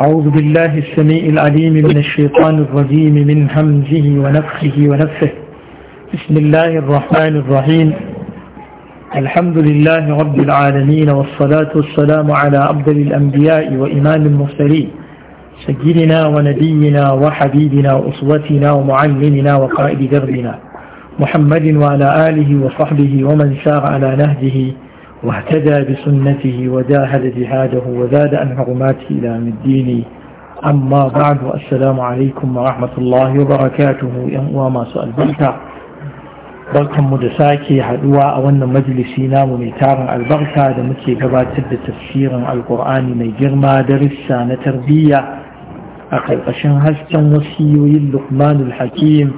أعوذ بالله السميع العليم من الشيطان الرجيم من همزه ونفخه ونفه بسم الله الرحمن الرحيم الحمد لله رب العالمين والصلاة والسلام على أفضل الأنبياء وإمام المرسلين سيدنا ونبينا وحبيبنا وأسوتنا ومعلمنا وقائد دربنا محمد وعلى آله وصحبه ومن سار على نهجه واهتدى بسنته وجاهد جهاده وزاد عن حرماته إلى الدين أما بعد السلام عليكم ورحمة الله وبركاته وما سؤال بيتا بركة مدساكي حدوى أولا مجلسينا ونتارا البركة دمكي كبات سد تفسيرا القرآن من جرما درسا تربيه أقل أشن هستا وسيوي لقمان الحكيم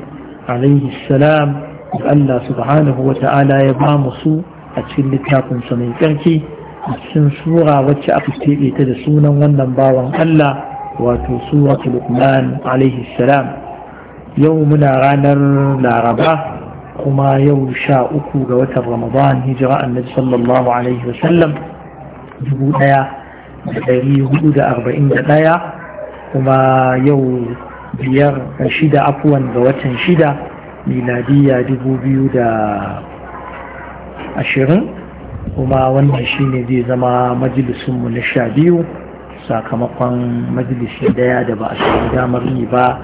عليه السلام لألا سبحانه وتعالى يبام سوء a cikin littafin sa mai tsarki a cikin sura wacce aka keɓe ta da sunan wannan bawan Allah wato suratu Luqman alaihi salam yau muna ranar Laraba kuma yau sha uku ga watan Ramadan hijira annabi sallallahu alaihi wa sallam dubu ɗaya da dari hudu da arba'in da ɗaya kuma yau biyar shida afuwan ga watan shida miladiya dubu biyu da ashirin kuma wannan shine zai zama majalisunmu na sha biyu sakamakon majalisi daya da ba a samu damar yi ba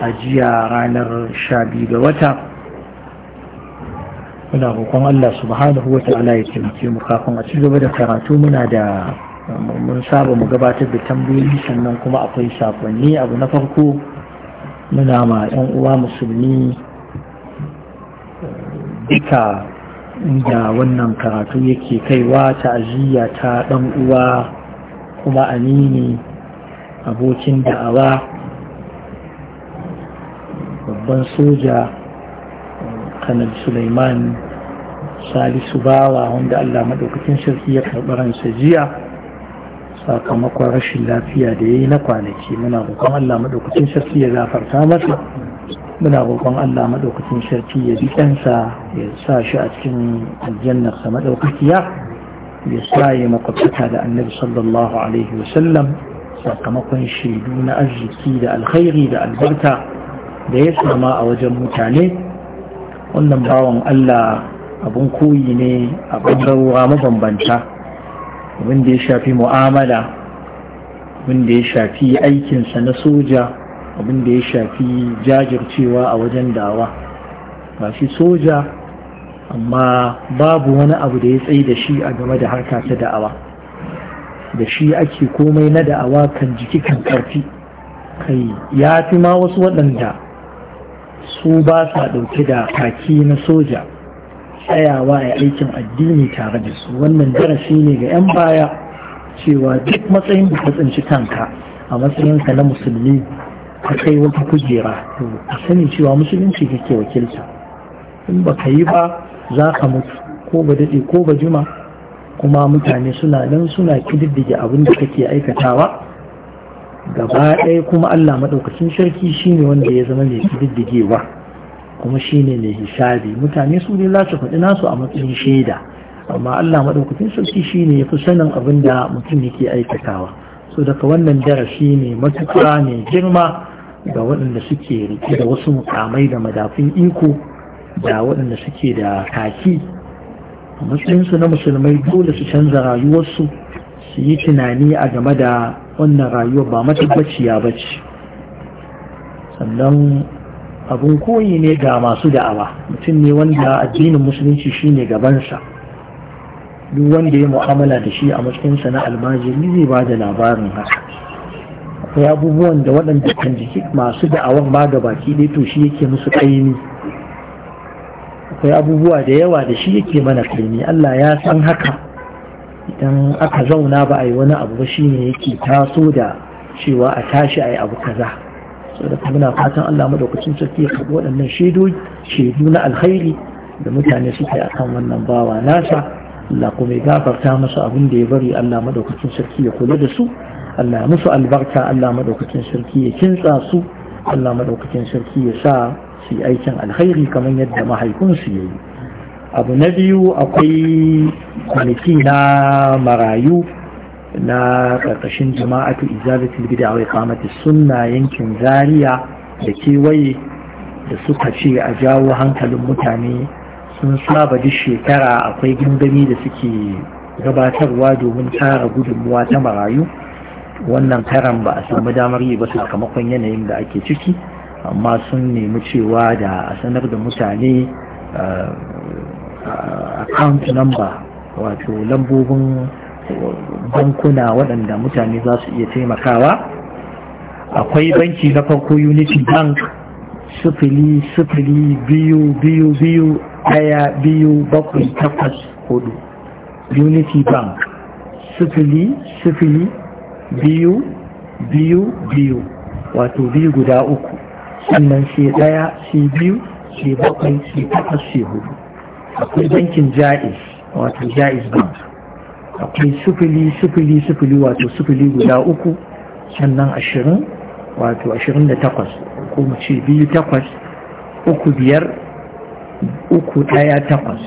a jiya ranar sha biyu ga wata muna roƙon Allah subhanahu wa ta'ala ya taimake mu kafin a ci gaba da karatu muna da mun saba mu gabatar da tambayoyi sannan kuma akwai sakonni abu na farko muna ma 'yan uwa musulmi duka da wannan karatu yake kaiwa ta'aziyya ta dan uwa kuma amini abokin da'awa babban soja kanar suleiman salisu bawa wanda allah maɗaukacin shirki ya karɓi jiya sakamakon rashin lafiya da ya yi na kwanaki muna roƙon allah maɗaukacin shirki ya zafarta masa muna roƙon Allah maɗaukacin sarki ya bi ɗansa ya sa shi a cikin aljannarsa maɗaukakiya ya sa ya makwabtaka da annabi sallallahu alaihi sakamakon shaidu na arziki da alkhairi da albarka da ya sama a wajen mutane wannan bawan Allah abun koyi ne a ɓangarwa mabambanta abin da ya shafi mu'amala abin da ya shafi aikinsa na soja abin da ya shafi jajircewa a wajen dawa ba shi soja amma babu wani abu da ya tsaye da shi a game da harka ta da'awa da shi ake komai na da'awa kan jiki kan karfi kai ya fi ma wasu waɗanda su ba sa ɗauke da kaki na soja tsayawa a aikin addini tare da su wannan darasi ne ga 'yan baya cewa duk matsayin da ka tsinci kanka a matsayinka na musulmi ka kai wata kujera a sani cewa musulunci kake wakilta in ba ka yi ba za ka mutu ko ba daɗe ko ba jima kuma mutane suna nan suna kididdige abin da kake aikatawa gaba ɗaya kuma allah maɗaukacin sarki shine wanda ya zama mai kididdigewa kuma shine mai hisabi mutane su ne za faɗi nasu a matsayin shaida amma allah maɗaukacin sarki shine ya fi sanin abin da mutum yake aikatawa so daga wannan darasi ne matuƙa ne girma ga waɗanda suke rike da wasu mukamai da madafin iko da waɗanda suke da kaki a matsayinsu na musulmai dole su canza rayuwarsu su yi tunani a game da wannan rayuwa ba matabbaciya ba ce sannan abin koyi ne ga masu da'awa mutum ne wanda addinin musulunci shine gabansa duk wanda ya mu'amala da shi a matsayinsa na almajiri zai ba da labarin haka akwai abubuwan da waɗanda kan jiki masu da'awan ma baki ɗaya to shi yake musu ƙaimi akwai abubuwa da yawa da shi yake mana kaini Allah ya san haka idan aka zauna ba a yi wani abu ba shi ne yake taso da cewa a tashi a yi abu kaza saboda muna fatan Allah madaukakin sarki ya karɓi waɗannan shaidu shaidu na alkhairi da mutane suke akan wannan bawa nasa Allah kuma ya gafarta masu abin da ya bari Allah madaukakin sarki ya kula da su Allah musu albarka Allah madaukakin sarki ya kintsa su Allah madaukakin sarki ya sa su yi aikin alkhairi kamar yadda mahaifinsu ya yi abu na biyu akwai kwanaki na marayu na ƙarƙashin jama'atu izalatul bid'a wa iqamati sunna yankin zaria da kewaye da suka ce a jawo hankalin mutane sun saba duk shekara akwai gindami da suke gabatarwa domin tara gudunmuwa ta marayu wannan karan ba a samu damar yi ba sakamakon yanayin da ake ciki amma sun nemi cewa da a sanar da mutane eh, account number wato lambobin bankuna waɗanda mutane za su iya taimakawa akwai banki na farko unity bank Sufili, Sufili, biyu biyu biyu ɗaya biyu bakwai takwas hudu unity bank sifili sifili biyu biyu biyu wato biyu guda uku sannan sai ɗaya sai biyu sai bakwai sai takwas sai hudu akwai bankin ja'iz wato ja'iz bank akwai sifili sifili sifili wato sifili guda uku sannan ashirin wato ashirin da takwas ko mu ce biyu takwas uku biyar uku ɗaya takwas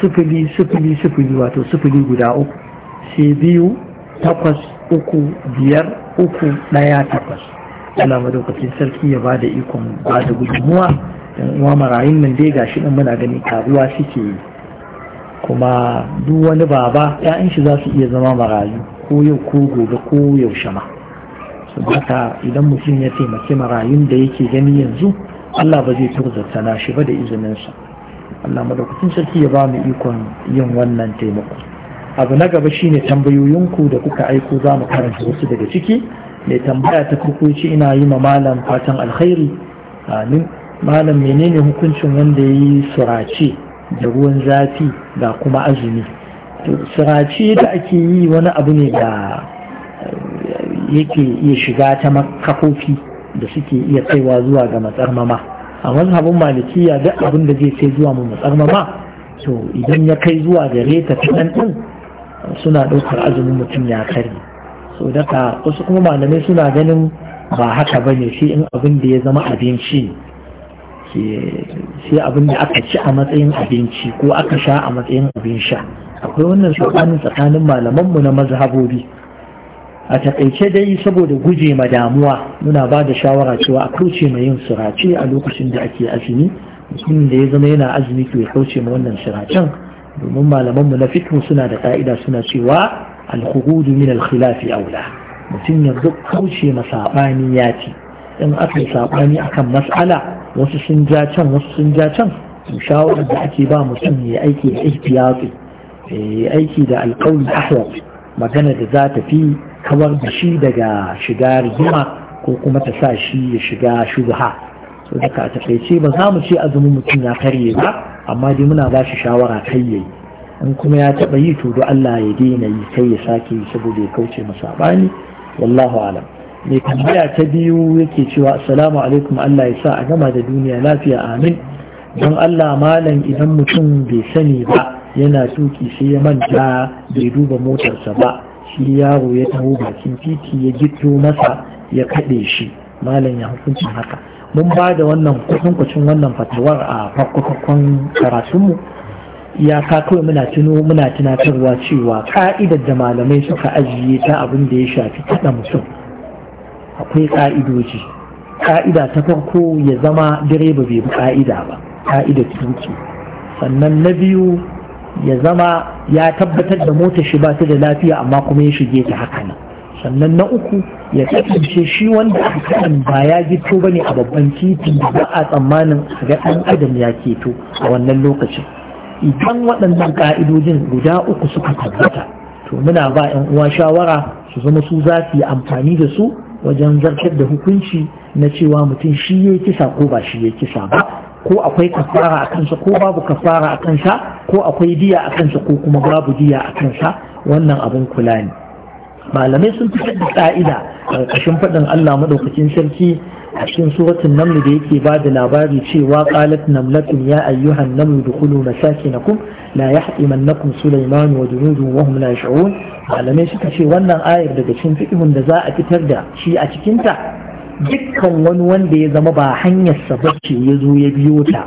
sufuli sufuli sufuli wato sufuli guda uku sai biyu takwas uku biyar uku ɗaya takwas ana madaukacin sarki ya ba da ikon ba da gudunmuwa don uwa marayun nan dai gashi ɗin muna gani karuwa suke yi kuma duk wani baba ya'yan shi za su iya zama marayu ko yau ko gobe ko yaushe ma su idan mutum ya taimaki marayun da yake gani yanzu Allah ba zai turzata na shi ba da izininsa Allah madaukakin sarki ya ba mu ikon yin wannan taimako abu na gaba shine tambayoyinku da kuka aiko za mu karanta wasu daga ciki mai tambaya ta farko ce ina yi ma malam fatan alkhairi amin malam menene hukuncin wanda ya yi surace da ruwan zafi da kuma azumi surace da ake yi wani abu ne da eh, yake iya shiga ta makafofi da suke iya kaiwa zuwa ga matsarmama a mazhabin malikiya duk abin da zai kai zuwa mu matsarmama to idan ya kai zuwa gare ta ta ɗin suna ɗaukar azumin mutum ya kare so daga wasu kuma malamai suna ganin ba haka ba ne sai in abin da ya zama abinci sai abin da aka ci a matsayin abinci ko aka sha a matsayin abin sha akwai wannan tsakanin tsakanin malamanmu na mazhabobi a takaice dai saboda guje ma damuwa muna ba da shawara cewa a kauce mai yin surace a lokacin da ake azumi mutumin da ya zama yana azumi to ya kauce ma wannan suracen domin malamanmu na fikin suna da ka'ida suna cewa alhugudu min alkhilafi aula mutum ya kauce ma saɓani ya ci in aka yi saɓani akan mas'ala wasu sun ja can wasu sun ja can shawarar da ake ba mutum ya aiki da ihtiyati aiki da alƙawli ahwal magana da za ta fi kawar da shi daga shiga rigima ko kuma ta sa shi ya shiga shubha so da ka takaice ba za mu ce azumin mutum ya karye ba amma dai muna ba shi shawara kai yayi in kuma ya taɓa yi to do Allah ya daina yi kai ya sake yi saboda ya kauce masa bani wallahu alam mai tambaya ta biyu yake cewa assalamu alaikum Allah ya sa a gama da duniya lafiya amin don Allah malam idan mutum bai sani ba yana tuki sai ya manta bai duba motarsa ba shi yaro ya taho bakin titi ya gito masa ya kaɗe shi malam ya hukuncin haka mun ba da wannan kusan wannan fatawar a farko-farkon karatunmu iyaka kawai muna tuno muna tunatarwa cewa ka'idar da malamai suka ajiye ta abin da ya shafi kaɗa mutum akwai ka'idoji ka'ida ta farko ya zama direba bai bi ka'ida ba ka'idar tuki sannan na biyu ya zama ya tabbatar da motar shi ba ta da lafiya amma kuma ya shige ta haka nan sannan na uku ya kasance shi wanda aka kaɗan ba ya gito ba ne a babban titi da ba a tsammanin ga ɗan adam ya keto a wannan lokacin idan waɗannan ƙa'idojin guda uku suka tabbata to muna ba 'yan uwa shawara su zama su za su yi amfani da su wajen zartar da hukunci na cewa mutum shi ya kisa ko ba shi ya kisa ba ko akwai kafara a kansa ko babu kafara a kansa ko akwai diya a kansa ko kuma babu diya a kansa wannan abin kula ne malamai sun fitar da ƙa'ida ƙarƙashin faɗin Allah maɗaukacin sarki a cikin suratun namlu da yake ba da labari cewa qalat namlatun ya ayyuhan namlu dukhulu masakinakum la yahtimannakum sulaiman wa junudu wa hum la yash'un malamai suka ce wannan ayar daga cikin fiqhun da za a fitar da shi a cikinta dukkan wani wanda ya zama ba hanyar sabarci ya zo ya biyo ta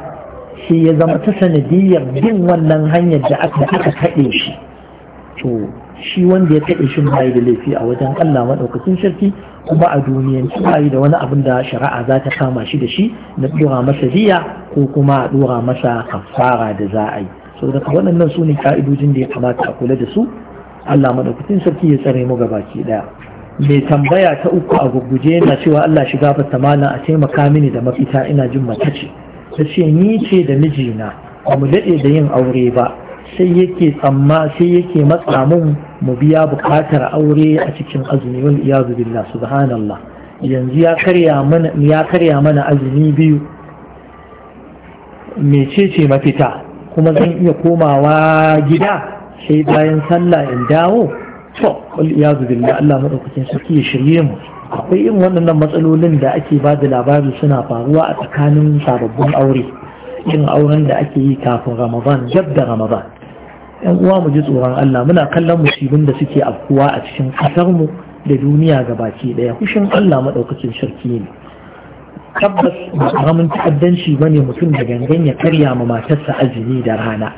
sai ya zama ta sanadiyar bin wannan hanyar da aka aka kaɗe shi to shi wanda ya kaɗe shi ba da laifi a wajen Allah maɗaukacin sarki kuma a duniyan ba da wani abin da shari'a za ta kama shi da shi na ɗora masa diya ko kuma ɗora masa kafara da za a yi saboda waɗannan su ne ka'idojin da ya kamata a kula da su Allah maɗaukacin sarki ya tsare mu gabaki ɗaya mai tambaya ta uku a gugguje na cewa Allah shiga ta malam a taimaka mini da mafita ina jin mace ce ta ce ni ce da mijina ba mu daɗe da yin aure ba sai yake tsamma sai yake matsa mun mu biya buƙatar aure a cikin azumi wal iyazu billah subhanallah yanzu ya karya mana ya karya mana azumi biyu ce mafita kuma zan iya komawa gida sai bayan sallah in dawo to ya iyazu billah Allah madaukakin sarki ya shirye mu akwai irin waɗannan matsalolin da ake ba da labari suna faruwa a tsakanin sababbin aure yin auren da ake yi kafin ramadan jab da ramadan yan uwa mu ji tsoron Allah muna kallon musibin da suke afkuwa a cikin kasar mu da duniya gabaki ɗaya. kushin Allah maɗaukakin sarki ne tabbas ba karamin ta'addanci bane mutum da gangan ya karya ma matarsa azumi da rana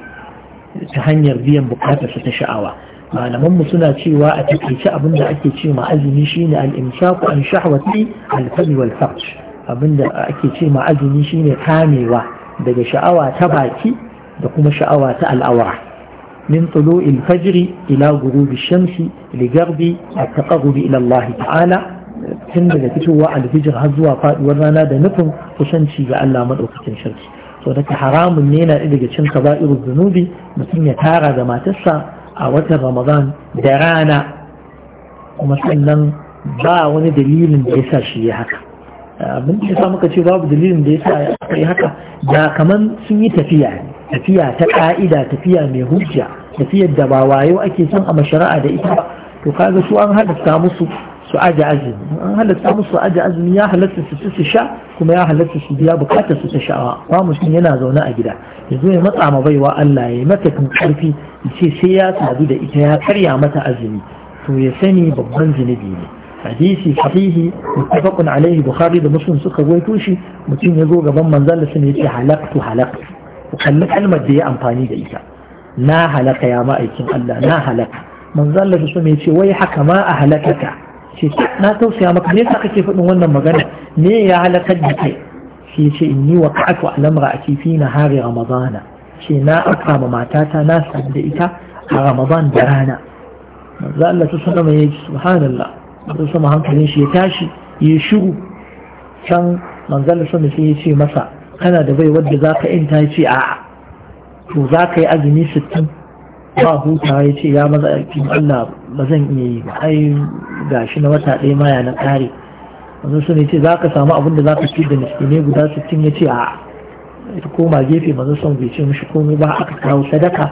ta hanyar biyan bukatarsa ta sha'awa malaman mu suna cewa a takaice abin da ake ce ma azumi shine al-imsaku an shahwati al-fadl wal farj abin da ake ce ma azumi shine kamewa daga sha'awa ta baki da kuma sha'awa ta al'awara. min tulu'il fajri ila ghurubi shamsi li garbi at-taqarrub ila Allah ta'ala tun daga fitowa al-fajr har zuwa faduwar rana da nufin kusanci ga Allah madaukakin sarki so daga haramun ne yana daga cin kaba'irul zunubi mutum ya tara da matarsa a watan ramadan da rana kuma sannan ba wani dalilin da ya sa shi ya haka abin da ya sa muka ce babu dalilin da ya sa ya haka da kaman sun yi tafiya ne tafiya ta ƙa'ida tafiya mai hujja tafiyar da ba wayo ake son a mashara'a da ita ba to kaga su an haɗa musu su aje azumi an halatta musu aje azumi ya halatta su ci su sha kuma ya halatta su biya bukatar su ta sha'awa ba mutum yana zaune a gida yanzu ya matsa ma baiwa Allah ya mata kan karfi ya ce sai ya sadu da ita ya karya mata azumi to ya sani babban zunubi ne hadisi sahihi muttafaqun alaihi bukhari da muslim suka goyito shi mutum ya zo gaban manzon Allah sai ya ce halaktu kalli kalmar da ya amfani da ita na halaka ya ma'aikin Allah na halaka manzon Allah ya ce wai haka ma a halakaka ce na tausaya maka me yasa kake faɗin wannan magana me ya halakar da kai sai ce inni wa ka'atu al'amra a kifi na hari ramadana ce na aka ma matata na sadu da ita a ramadan da rana manzo Allah ta sanar mai subhanallah manzo sama hankalin shi ya tashi ya shiru can manzo Allah sama sai ya ce masa kana da bai wadda zaka yanta ce a'a to zaka yi azumi sittin. ba huta ya ce ya maza aikin Allah ba zan iya yi ba ai shi na wata ɗaya maya na ƙare wanzu sun ce za ka samu abin da za ka fi da miskinai guda sittin ya ce a ita koma gefe manzo sun bai ce mishi komai ba aka kawo sadaka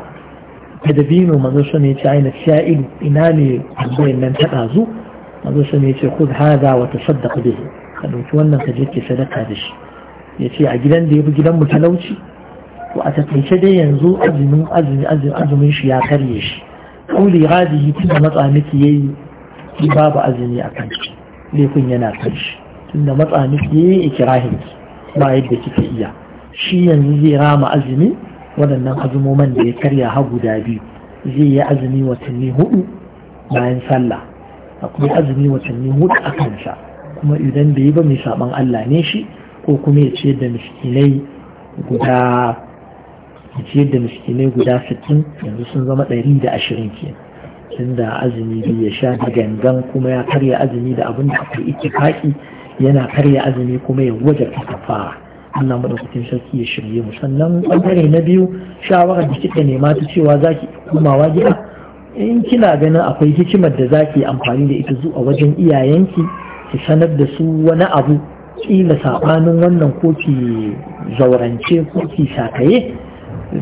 da dabino manzo sun ya ce aina sha'ilu ina ne tambayar nan ta ɗazu manzo sun ya ce kud haza wata tasaddaqa bihi ka ɗauki wannan ka je ke sadaka da shi ya ce a gidan da ya fi gidan mu talauci to a taƙaice dai yanzu azumin azumin shi ya karye shi kuli radihi tun da matsa miki yayi yi babu azumi a kan shi laifin yana kan shi tun da matsa miki yayi ikirahin ki ba yadda kika iya shi yanzu zai rama azumi waɗannan azumoman da ya karya ha guda biyu zai yi azumi watanni hudu bayan sallah akwai azumi watanni hudu a kansa kuma idan bai yi ba mai saban Allah ne shi ko kuma ya ce da miskinai guda ciyar da miskinai guda 60 yanzu sun zama ɗari 120 ke da azumi biyu ya sha da gangan kuma ya karya azumi da abin da aka iki kaki yana karya azumi kuma ya waje kafa Allah madaukakin sarki ya shirye mu sannan bangare na biyu shawarar da kika nema ta cewa zaki komawa gida in kina ganin akwai hikimar da zaki amfani da ita zuwa wajen iyayenki ki sanar da su wani abu kila sabanin wannan ko ki zaurance ko ki sakaye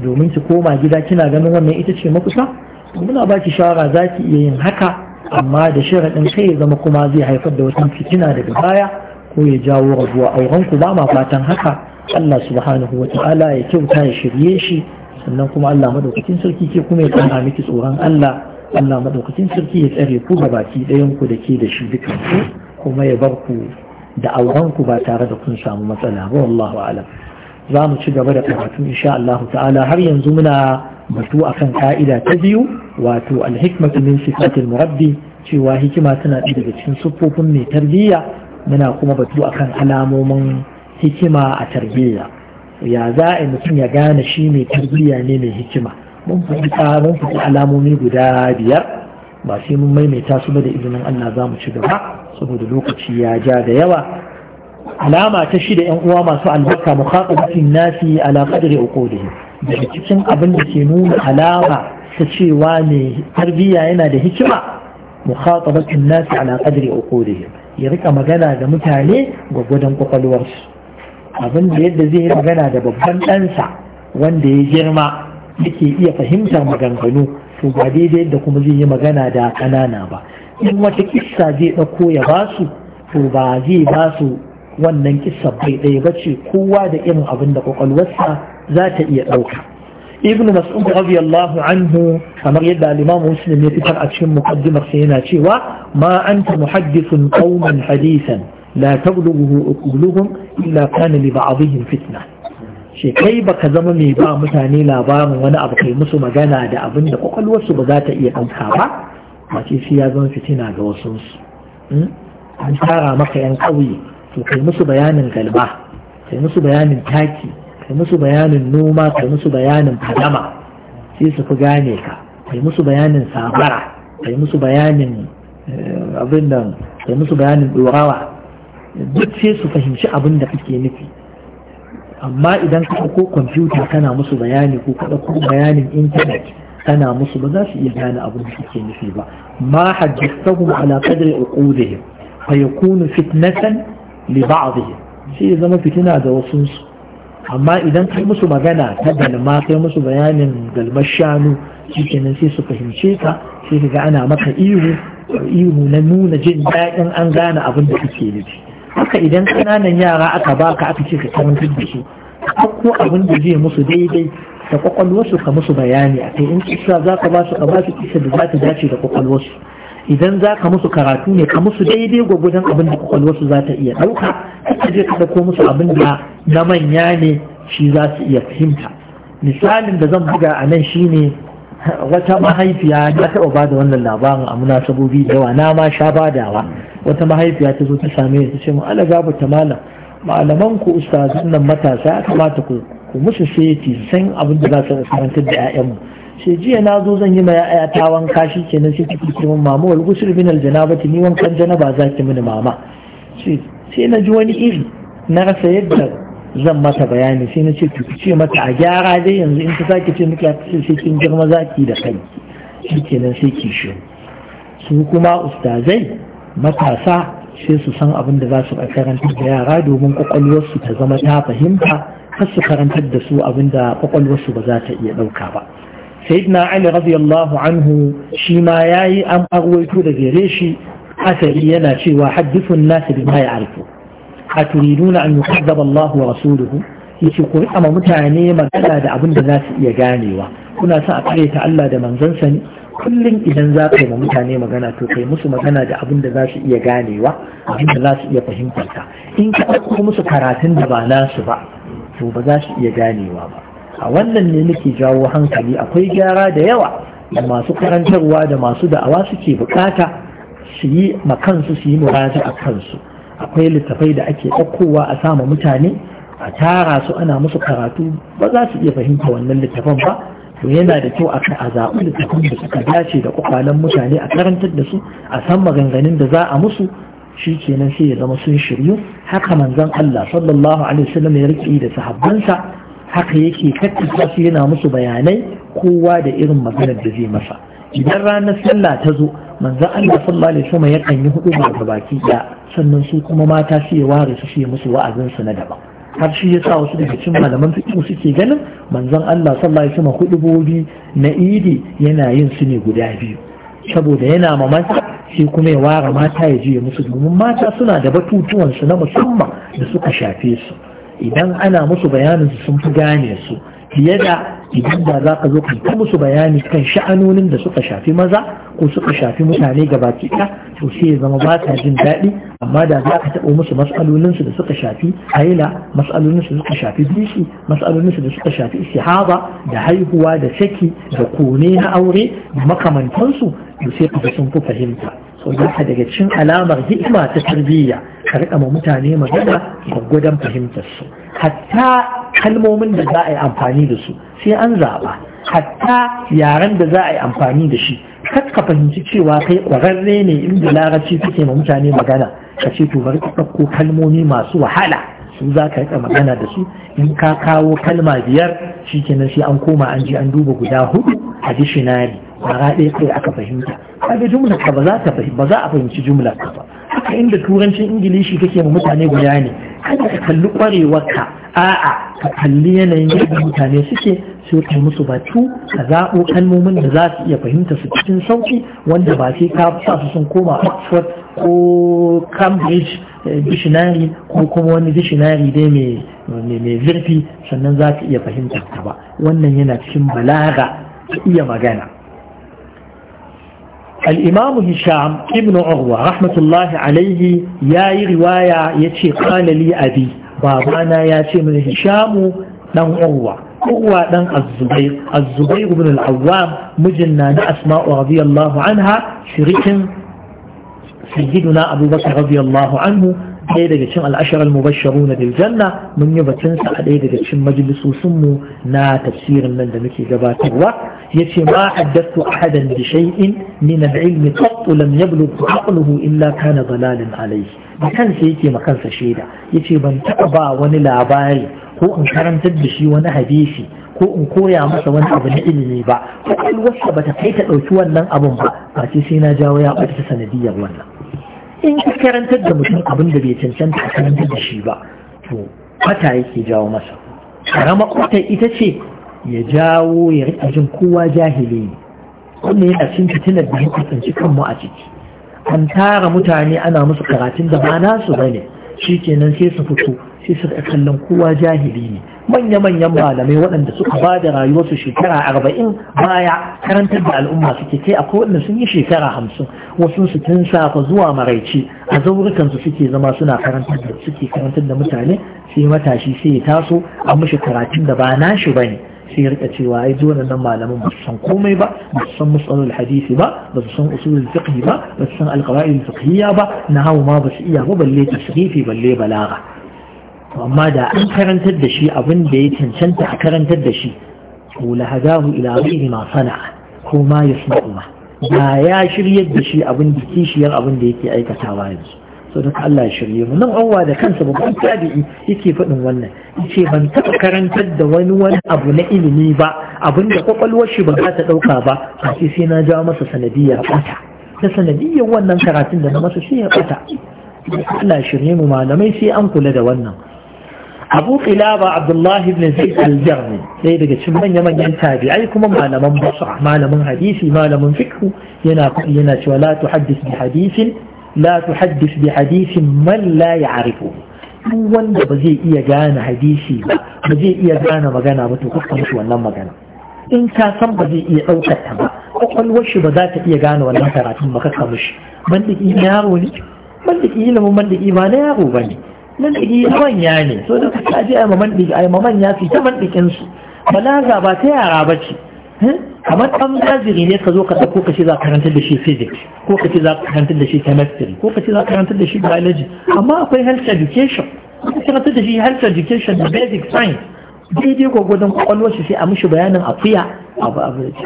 domin ki koma gida kina ganin wannan ita ce makusa muna ba ki shawara za ki iya yin haka amma da sharaɗin kai ya zama kuma zai haifar da wata fitina daga baya ko ya jawo rabuwa auren ku ba ma fatan haka Allah subhanahu wa ta'ala ya kyauta ya shirye shi sannan kuma Allah madaukakin sarki ke kuma ya kara miki tsoron Allah Allah madaukakin sarki ya tsare ku ga baki ɗayan ku da ke da shi dukkan ku kuma ya bar ku da auren ku ba tare da kun samu matsala ba wallahu a'lam za mu ci gaba da karatu insha Allah ta'ala har yanzu muna batu akan ka'ida ta biyu wato alhikmatu min sifatil murabbi cewa hikima tana ɗaya daga cikin siffofin mai tarbiyya muna kuma batu akan alamomin hikima a tarbiyya ya za a mutum ya gane shi mai tarbiyya ne mai hikima mun fi mun alamomi guda biyar ba sai mun maimaita su ba da izinin Allah za mu ci gaba saboda lokaci ya ja da yawa alama ta shida yan uwa masu albarka mukhaqabatin nasi ala qadri uqudihim daga cikin abin da ke nuna alama ta cewa ne tarbiyya yana da hikima mukhaqabatin nasi ala qadri uqudihim ya rika magana da mutane gwagwadon kwakwalwarsu abin da yadda zai yi magana da babban ɗansa wanda ya girma yake iya fahimtar maganganu to ba daidai yadda kuma zai yi magana da ƙanana ba in wata kissa zai ɗauko ya basu to ba zai basu wannan kisa bai ɗaya ba ce kowa da irin abin da kwakwalwarsa za ta iya ɗauka ibn mas'ud radiyallahu anhu kamar yadda al-imam muslim ya fitar a cikin muqaddimar sa yana cewa ma anta muhaddithun qauman hadithan la tablughu uquluhum illa kana li ba'dihim fitna shi kai baka zama mai ba mutane labarin wani abu kai musu magana da abin da kwakwalwarsu ba za ta iya ɗauka ba mace shi ya zama fitina ga wasu hmm? an tara maka yan ƙauye to kai musu bayanin galba kai musu bayanin taki kai musu bayanin noma kai musu bayanin fadama sai su fi gane ka kai musu bayanin sabara kai musu bayanin eh, abin kai musu bayanin dorawa. duk sai su fahimci abin da kake nufi amma idan ka ɗauko kwamfuta kana musu bayani ko ka bayanin intanet kana musu ba za su iya gane abin da kake nufi ba ma haddasahum ala qadri uqudihim fa yakunu fitnatan li ba'dihim zama fitina ga wasunsu, amma idan kai musu magana ta dalma kai musu bayanin galmar shanu cikinan sai su fahimce ka sai ka ga ana maka ihu ihu na nuna jin daɗin an gane abin da kake nufi haka idan ƙananan yara aka baka aka ce ka karantar da su ko abin da zai musu daidai da kwakwalwarsu ka musu bayani a kai in kisa za ka ba su ka ba su kisa da za ta dace da kwakwalwarsu idan za ka musu karatu ne ka musu daidai gwagwadon abin da kwakwalwarsu za ta iya ɗauka ka je ka ɗauko musu abin da na manya ne shi za su iya fahimta misalin da zan buga a nan shine wata mahaifiya na taɓa ba da wannan labarin a munasabobi da yawa na ma sha badawa wata mahaifiya ta zo ta same ta ce mun ala gabu ta malam malaman ku ustazun nan matasa ya kamata ku musu sai san abin da za su karantar da 'ya'yanmu Sai jiya na zo zan yi ma ya'ya ta wanka shi ke sai take ce min mama wal gusul min al janabati ni wankan janaba za ki mini mama sai na ji wani iri na rasa yadda zan mata bayani sai na ce ki ce mata a gyara dai yanzu in ta zaki ce miki sai kin girma zaki da kai shi ke nan sai ki shi su kuma ustazai matasa sai su san abin da za su karanta da yara domin kwakwalwarsu ta zama ta fahimta har su karantar da su abin da kwakwalwarsu ba za ta iya ɗauka ba sayyidina ali radiyallahu anhu shi ma yayi an arwaito da gare shi asali yana cewa haddithun nas bima ya'rifu aturiduna an yukazzaba Allah wa rasuluhu yace ku ma mutane magana da abin da za su iya ganewa kuna sa a kare ta Allah da manzansa ne kullum idan za ka yi ma mutane magana to kai musu magana da abin da za su iya ganewa abin da za su iya fahimtar in ka ɗauko musu karatun da ba nasu ba to ba za su iya ganewa ba a wannan ne nake jawo hankali akwai gyara da yawa da masu karantarwa da masu da'awa suke bukata su yi makansu su yi muraja a kansu akwai littafai da ake ɗaukowa a sama mutane a tara su ana musu karatu ba za su iya fahimta wannan littafan ba to yana da kyau a zaɓi littafan da suka dace da kwakwalen mutane a karantar da su a san maganganun da za a musu shi kenan sai ya zama sun shiryu haka manzon Allah sallallahu alaihi wasallam ya riƙe da sahabbansa haka yake kakkasa su yana musu bayanai kowa da irin maganar da zai masa idan ranar sallah ta zo manzo Allah sallallahu alaihi wasallam yakan yi hudu ga baki da sannan su kuma mata su ya ware su yi musu wa'azin su na daban har shi ya sa wasu daga cikin malaman fiqh suke ganin manzon Allah sallallahu alaihi wasallam bobi na idi yana yin su ne guda biyu saboda yana ma mata sai kuma ya ware mata ya je musu domin mata suna da batutuwansu na musamman da suka shafe su idan ana musu bayanin su sun fi gane su fiye da idan da za ka zo ka ta musu bayani kan sha'anonin da suka shafi maza ko suka shafi mutane baki ɗaya to sai ya zama ba ta jin daɗi amma da za ka taɓo musu matsalolinsu da suka shafi haila matsalolinsu da suka shafi bishi matsalolinsu da suka shafi istihaba da haihuwa da saki da kone na aure makamantansu to sai ka sun fi fahimta so haka daga cin alamar hikima ta tarbiyya ka riƙa ma mutane magana gwaggwadon fahimtar su hatta kalmomin da za a yi amfani da su sai an zaɓa hatta yaren da za a yi amfani da shi kar ka fahimci cewa kai ƙwararre ne in da larabci suke ma mutane magana ka ce to bari ka ɗauko kalmomi masu wahala su za ka riƙa magana da su in ka kawo kalma biyar shi kenan sai an koma an je an duba guda hudu a dishinari kwara ɗaya kai aka fahimta ga jumlar ka ba za a fahimci jumla ka ba haka inda turancin ingilishi kake ma mutane bayani kada ka kalli kwarewar ka a'a ka kalli yanayin yadda mutane suke sai kai musu batu ka zaɓo kalmomin da za su iya fahimta su cikin sauki wanda ba sai ka sa su sun koma oxford ko cambridge eh, dictionary ko kuma wani dictionary dai mai zurfi sannan za su iya fahimta ka ba wannan yana cikin balaga iya magana الإمام هشام ابن عروة رحمة الله عليه يا رواية يتي قال لي أبي بابانا ياتي من هشام نم عروة عروة نم الزبير الزبير بن العوام مجنة أسماء رضي الله عنها شريك سيدنا أبو بكر رضي الله عنه ɗaya daga cin al'asharar mubasharu na diljanna mun yi sa a ɗaya daga cin majalisosinmu na tafsirin nan da muke gabatarwa ya ce ma haddastu ahadan da shay'in min al-ilmi qat lam yablugh aqluhu illa kana dalalan alayhi da kansa yake ma kansa shaida yace ban taɓa ba wani labari ko in karantar da shi wani hadisi ko in koya masa wani abu na ilimi ba ko ba bata kai ta ɗauki wannan abun ba ba sai na jawo ya ɓata sanadiyar wannan in ka karantar da mutum abin da bai cancanta a karantar da shi ba to kwata yake jawo masa karama kwata ita ce ya jawo ya rika jin kowa jahili ne wannan yana cin fitinar da ya tsanci kanmu a ciki an tara mutane ana musu karatun da ba nasu ba ne shi kenan sai su fito sai su kallon kowa jahili ne manya-manyan malamai waɗanda suka ba da rayuwarsu shekara arba'in baya karantar da al'umma suke kai a waɗanda sun yi shekara hamsin wasu su tun safa zuwa maraice a zaurukansu suke zama suna karantar da suke karantar da mutane sai matashi sai ya taso a mashi karatun da ba nashi ba ne sai rika cewa ai nan wannan malaman ba su san komai ba ba su san musalul hadisi ba ba su san usulul fiqh ba ba su san alqawaid fiqhiyya ba nahawu ma ba su iya ba balle tasrifi balle balaga amma da an karantar da shi abin da ya cancanta a karantar da shi to lahadahu ila ghairi ma sana'a ko ma yasma'u ma ya shiryar da shi abin da kishiyar abin da yake aikatawa yanzu saboda Allah ya shirye mu nan Allah da kansa babban tabi'i yake faɗin wannan yace ban taɓa karantar da wani wani abu na ilimi ba da kwakwalwar shi ba za ta ɗauka ba a sai na jawo masa sanadiyar bata ta sanadiyar wannan karatun da na masa sai ya bata Allah shirye mu malamai sai an kula da wannan Abu Qilaba Abdullahi ibn Zaid al-Jarmi sai daga cikin manya-manyan tabi'ai kuma malaman basra malamin hadisi malamin fikhu yana yana cewa la tuhaddith bi hadisin لا تحدث بحديث من لا يعرفه أول ما بزي إيا جانا حديثي با بزي إيا جانا مغانا بتوقف مش ولا مغانا إن كان سم بزي إيا أو كتما أقل وش بذات إيا جانا ولا كراتم مغانا مش من لك إيا ناروني من لك إيا لما من لك إيا من ياغو بني من لك إيا من يعني سوى لك تاجي أما من لك أما من ياسي كمن لك إنسو بلا زابا تيا kamar ɗan gaziri ne ka zo ka ko ka ce za karanta da shi physics ko ka ce za karanta da shi chemistry ko ka ce za karanta da shi biology amma akwai health education ka karanta da shi health education da basic science daidai ko gwagwadon kwakwalwar shi sai a mishi bayanin akuya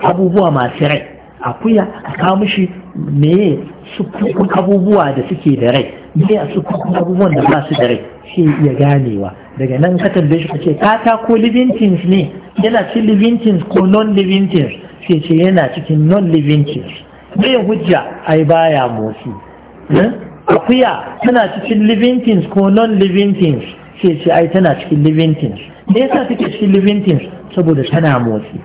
abubuwa masu rai akuya a kawo mishi meye sukukun abubuwa da suke da rai me a sukukun abubuwan da ba su da rai shi iya ganewa daga nan ka tambaye shi kace kata ko living things ne yana cikin living things ko non living things sai ce yana cikin non living things me hujja ai baya motsi hmm? akuya tana cikin living things ko non living things sai ce ai tana cikin living things me yasa take cikin living things saboda tana motsi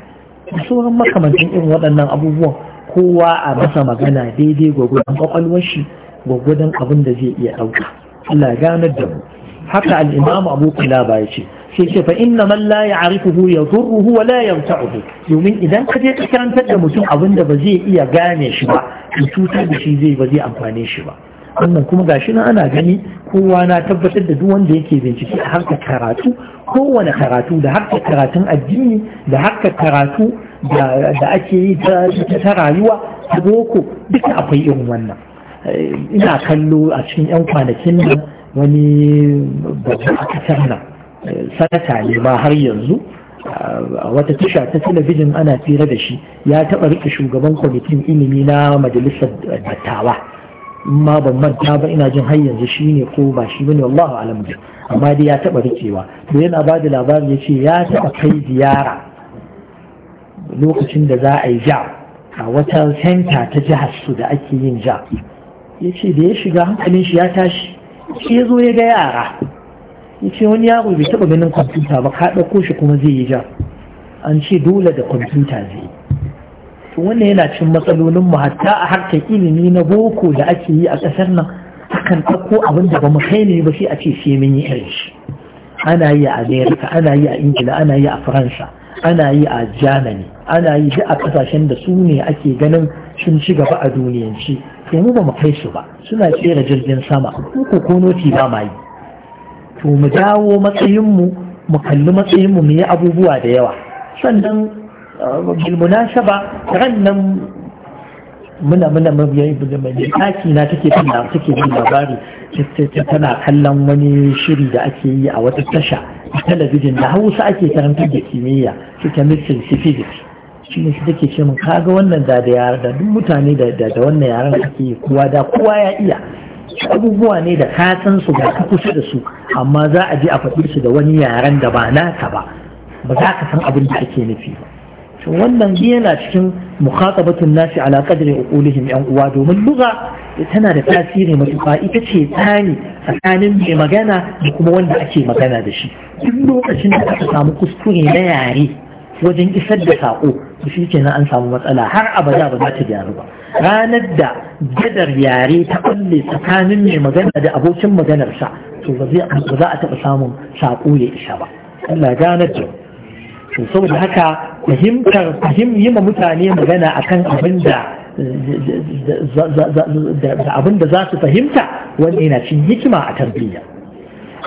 sauran makamantan irin waɗannan abubuwan kowa a masa magana daidai gwagwadon kwakwalwar shi gwagwadon abin da zai iya ɗauka Allah ya ganar da mu haka al-imam ba ya yace sai ce fa inna man la ya'rifuhu yadurruhu wa la yanfa'uhu domin idan ka je ka karantar da mutum abin da ba zai iya gane shi ba to cutar da shi zai ba zai amfane shi ba wannan kuma gashi nan ana gani kowa na tabbatar da duk wanda yake bincike a harkar karatu kowane karatu da harkar karatun addini da harkar karatu da ake yi ta rayuwa ta boko duka akwai irin wannan eh, ina kallo a cikin 'yan kwanakin nan wani babu a kasar nan sanata ne ma har yanzu a wata tasha ta talabijin ana tsira da shi ya taɓa rike shugaban kwamitin ilimi na majalisar dattawa ma ban manta ba ina jin har yanzu shi ne ko ba shi bane wallahu alam amma dai ya taɓa rikewa to yana ba da labari ya ce ya taɓa kai ziyara lokacin da za a yi ja a wata senta ta jihar su da ake yin ja ya ce da ya shiga hankalin shi ya tashi shi ya zo ya ga yara ya ce wani yaro bai taɓa ganin kwamfuta ba ka ɗauko shi kuma zai yi ja an ce dole da kwamfuta zai yi wannan yana cin matsalolin mu hatta a harkar ilimi na boko da ake yi a ƙasar nan akan ɗauko abin da ba mu kai ne ba sai a ce sai mun yi irin shi ana yi a amerika ana yi a ingila ana yi a faransa ana yi a germany ana yi duk a ƙasashen da su ne ake ganin sun ci gaba a duniyanci mu ba mu kai su ba suna tsere jirgin sama ko konoti ba ma yi to mu dawo matsayinmu mu kalli matsayinmu mu yi abubuwa da yawa sannan uh, bilmunasaba ran nan muna muna mabiyayi mai ɗaki na take tana take jin labari tana kallon wani shiri da ake yi a wata tasha a talabijin da hausa ake karantar da kimiyya suke mixin physics shi ne su take ce min kaga wannan da da yara da duk mutane da da wannan yaran ake kowa da kowa ya iya abubuwa ne da ka san su ga ka kusa da su amma za a je a faɗi su da wani yaran da ba naka ba ba za ka san abin da ake nufi ba shin wannan yana cikin mukhatabatun nasi ala qadri uqulihim yan uwa domin lugha tana da tasiri matuƙa ita ce tsani tsakanin mai magana da kuma wanda ake magana da shi duk lokacin da aka samu kuskure na yare wajen isar da saƙo shi kenan an samu matsala har abada ba za ta gyaru ba ranar da gadar yare ta ɓalle tsakanin mai magana da abokin maganarsa to ba za a taɓa samun saƙo ya isa ba Allah gane da to saboda haka fahimtar yi ma mutane magana akan abin da da abin da za su fahimta wani yana cin hikima a tarbiyya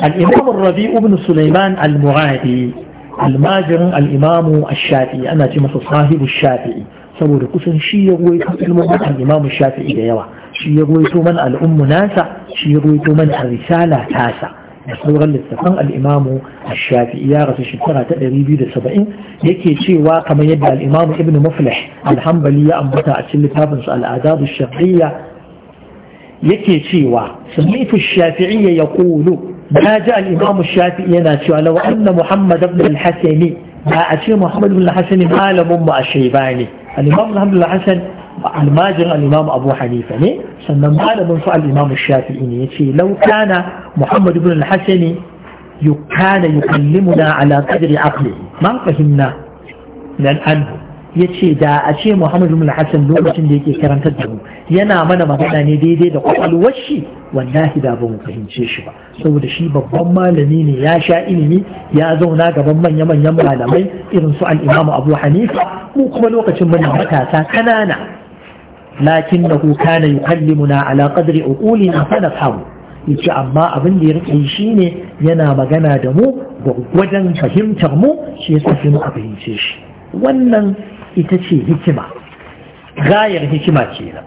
al-imam rabi'u ibn sulaiman al-muradi almajirin al'imamu shafi'i ana ce masa sahibu shafi'i saboda kusan shi ya ruwaito ilmomin al'imamu shafi'i da yawa shi ya ruwaito mana al'ummu nasa shi ya ruwaito mana risala tasa da sauran littattafan al'imamu shafi'i ya rasu shekara ta 270 yake cewa kamar yadda al'imamu ibn muflih alhambali ya ambata a cikin su al'adabu shafi'iyya yake cewa samitu shafi'iyya ya kulu na ji al'imamu shafi yana cewa lau anna muhammad ibn al ba a ce muhammad ibn al malamin mu a shaiba ne al'imamu muhammad ibn al almajin al'imamu abu hanifa ne sannan malamin su al'imamu shafi'i ne ya ce lau kana muhammad ibn al-hasani kana yukallimuna ala qadri aqli man fahimna nan anhu ya ce da a ce Muhammadu bin Hassan lokacin da yake karantar da mu yana mana magana ne daidai da kwakwalwar shi wallahi da ba mu fahimce shi ba saboda shi babban malami ne ya sha ilimi ya zauna gaban manya-manyan malamai irin su al-Imam Abu Hanifa mu kuma lokacin muna matasa kanana na yi kallimuna ala qadri na fa nafhamu yace amma abin da ya rike shi ne yana magana da mu gwagwajen fahimtar mu shi yasa sai mu fahimce shi wannan ita ce hikima gayar hikima ce na,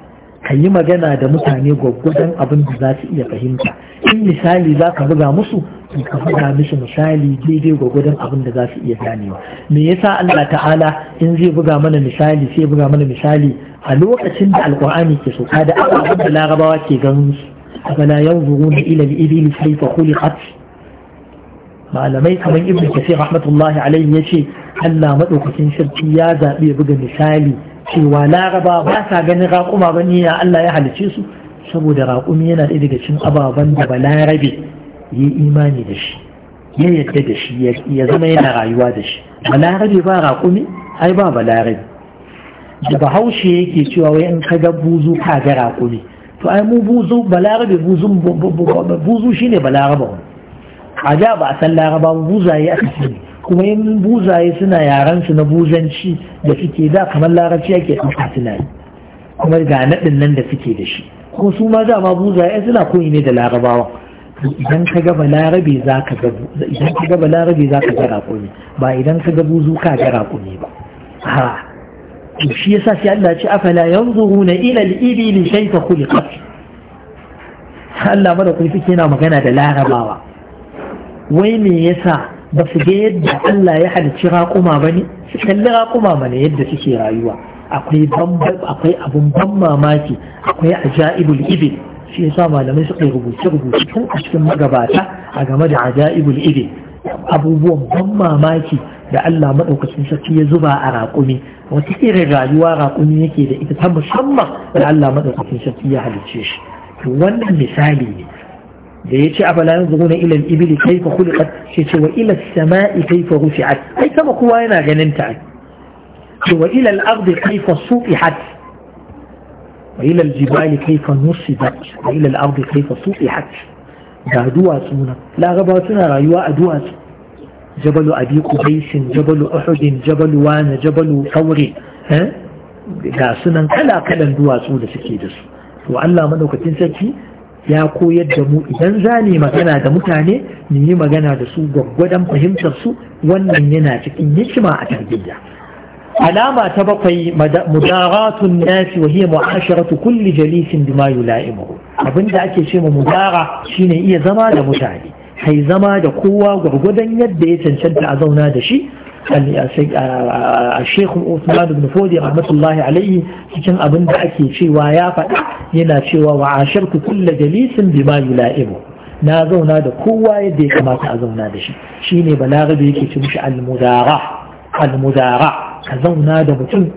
ka yi magana da mutane gwaggwadon abin da za su iya fahimta in misali za ka buga musu in ka buga musu misali daidai gwaggwadon abin da za su iya ganewa me yasa Allah ta'ala in zai buga mana misali sai buga mana misali a lokacin da alkur'ani ke sauka da abin da larabawa ke ganin su afala yanzuruna ila al-ibil kayfa khuliqat malamai kamar ibn kasir rahmatullahi alaihi ya ce Allah maɗaukacin shirki ya zaɓi ya buga misali cewa laraba ba sa ganin raƙuma ba ne ya Allah ya halice su saboda raƙumi yana ɗaya daga cin ababen da larabe ya yi imani da shi ya yadda da shi ya zama yana rayuwa da shi balarabe ba raƙumi ai ba balarabe da bahaushe yake cewa wai in ka ga buzu ka ga raƙumi to ai mu buzu balarabe buzun buzu shine balarabe a da ba a san laraba buzaye aka ce kuma yin buzaye suna yaran su na buzanci da suke da kamar larabci ake ɗauka suna kuma ga naɗin nan da suke da shi kuma su ma dama buzaye suna koyi ne da larabawa idan ka gaba larabe za ka ga idan ka gaba larabe za ka ga raƙumi ba idan ka ga buzu ka ga raƙumi ba ha to shi yasa sai Allah ya ce afala yanzuruna ila al-ibili kayfa khuliqat Allah da kulfi kenan magana da larabawa wai me yasa ba su ga yadda Allah ya halicci raƙuma ba ne su kalli raƙuma mana yadda suke rayuwa akwai akwai abun ban mamaki akwai ajaibul ibil shi yasa malamai suka rubuce rubuce tun a cikin magabata a game da ajaibul ibil abubuwan ban mamaki da Allah maɗaukacin sarki ya zuba a raƙumi wata irin rayuwa raƙumi yake da ita ta musamman da Allah maɗaukacin sarki ya halicce shi to wannan misali ne da ya ce a falayin zuwa na ilal ibili kai fa kulikat shi ce wa ilal sama'i kai fa rufi'at ai sama kowa yana ganin ta ce wa ilal abdi kai fa sufihat wa ilal jibali kai fa nusibat wa ilal abdi kai fa sufihat ga duwatsu na laraba suna rayuwa a duwatsu jabalu abi kubaisin jabalu uhudin jabalu wana jabalu sauri ga sunan kala kalan duwatsu da suke da su to Allah madaukakin sarki ya koyar da mu idan za ne magana da mutane mu yi magana da su gwaggwadon fahimtar su wannan yana cikin hikima a tarbiyya alama ta bakwai mudaratun nasi wa hiya mu'asharatu kulli jalisin bima yula'imuhu abinda ake ce ma mudara shine iya zama da mutane kai zama da kowa gwargwadon yadda ya cancanta a zauna da shi a shekun Usman ibn Fodi rahmatullahi alaihi cikin abin da ake cewa ya faɗi, yana cewa wa ashirku kulla jalisin bima yula'ibu na zauna da kowa yadda ya kamata a zauna da shi shine balarabe yake ce mishi al-mudara al-mudara ka zauna da mutum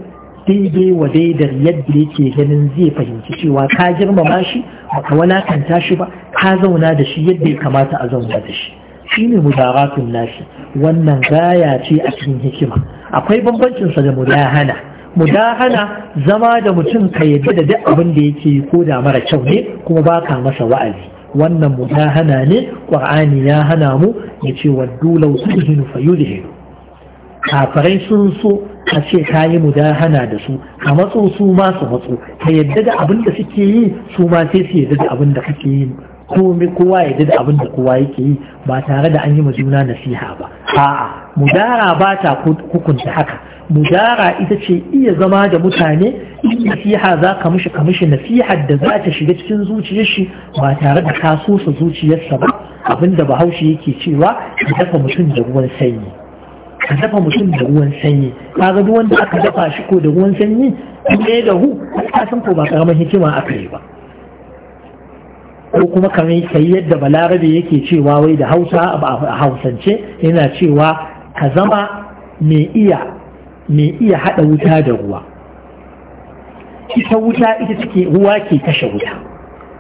daidai wa daidar yadda yake ganin zai fahimci cewa ka girmama shi baka walakanta shi ba ka zauna da shi yadda ya kamata a zauna da shi shi ne mudaratun nashi wannan gaya ce a cikin hikima akwai bambancinsa da mudahana mudahana zama da mutum ka yadda da duk abin da yake ko da mara kyau ne kuma baka masa wa'azi wannan mudahana ne qur'ani ya hana mu ya ce waddu law tudhinu fayudhinu kafirai sun so ka ce ka yi mudahana da su ka matso su ma su matso ka yadda da abin da suke yi su ma sai su yadda da abin da kake yi komai kowa yadda da abin da kowa yake yi ba tare da an yi ma juna nasiha ba a'a mudara ba ta hukunta haka mudara ita ce iya zama da mutane in nasiha za ka mishi ka mishi da za ta shiga cikin zuciyar shi ba tare da ka so zuciyarsa ba abinda bahaushe yake cewa ka dafa mutum da ruwan sanyi ka dafa mutum da ruwan sanyi kaga duk wanda aka dafa shi ko da ruwan sanyi ne da hu ka san ko ba karamar hikima aka yi ba ko kuma kamar kai yadda balarabe yake cewa wai da hausa a hausance yana cewa ka zama mai iya mai iya hada wuta da ruwa ita wuta ita take ruwa ke kashe wuta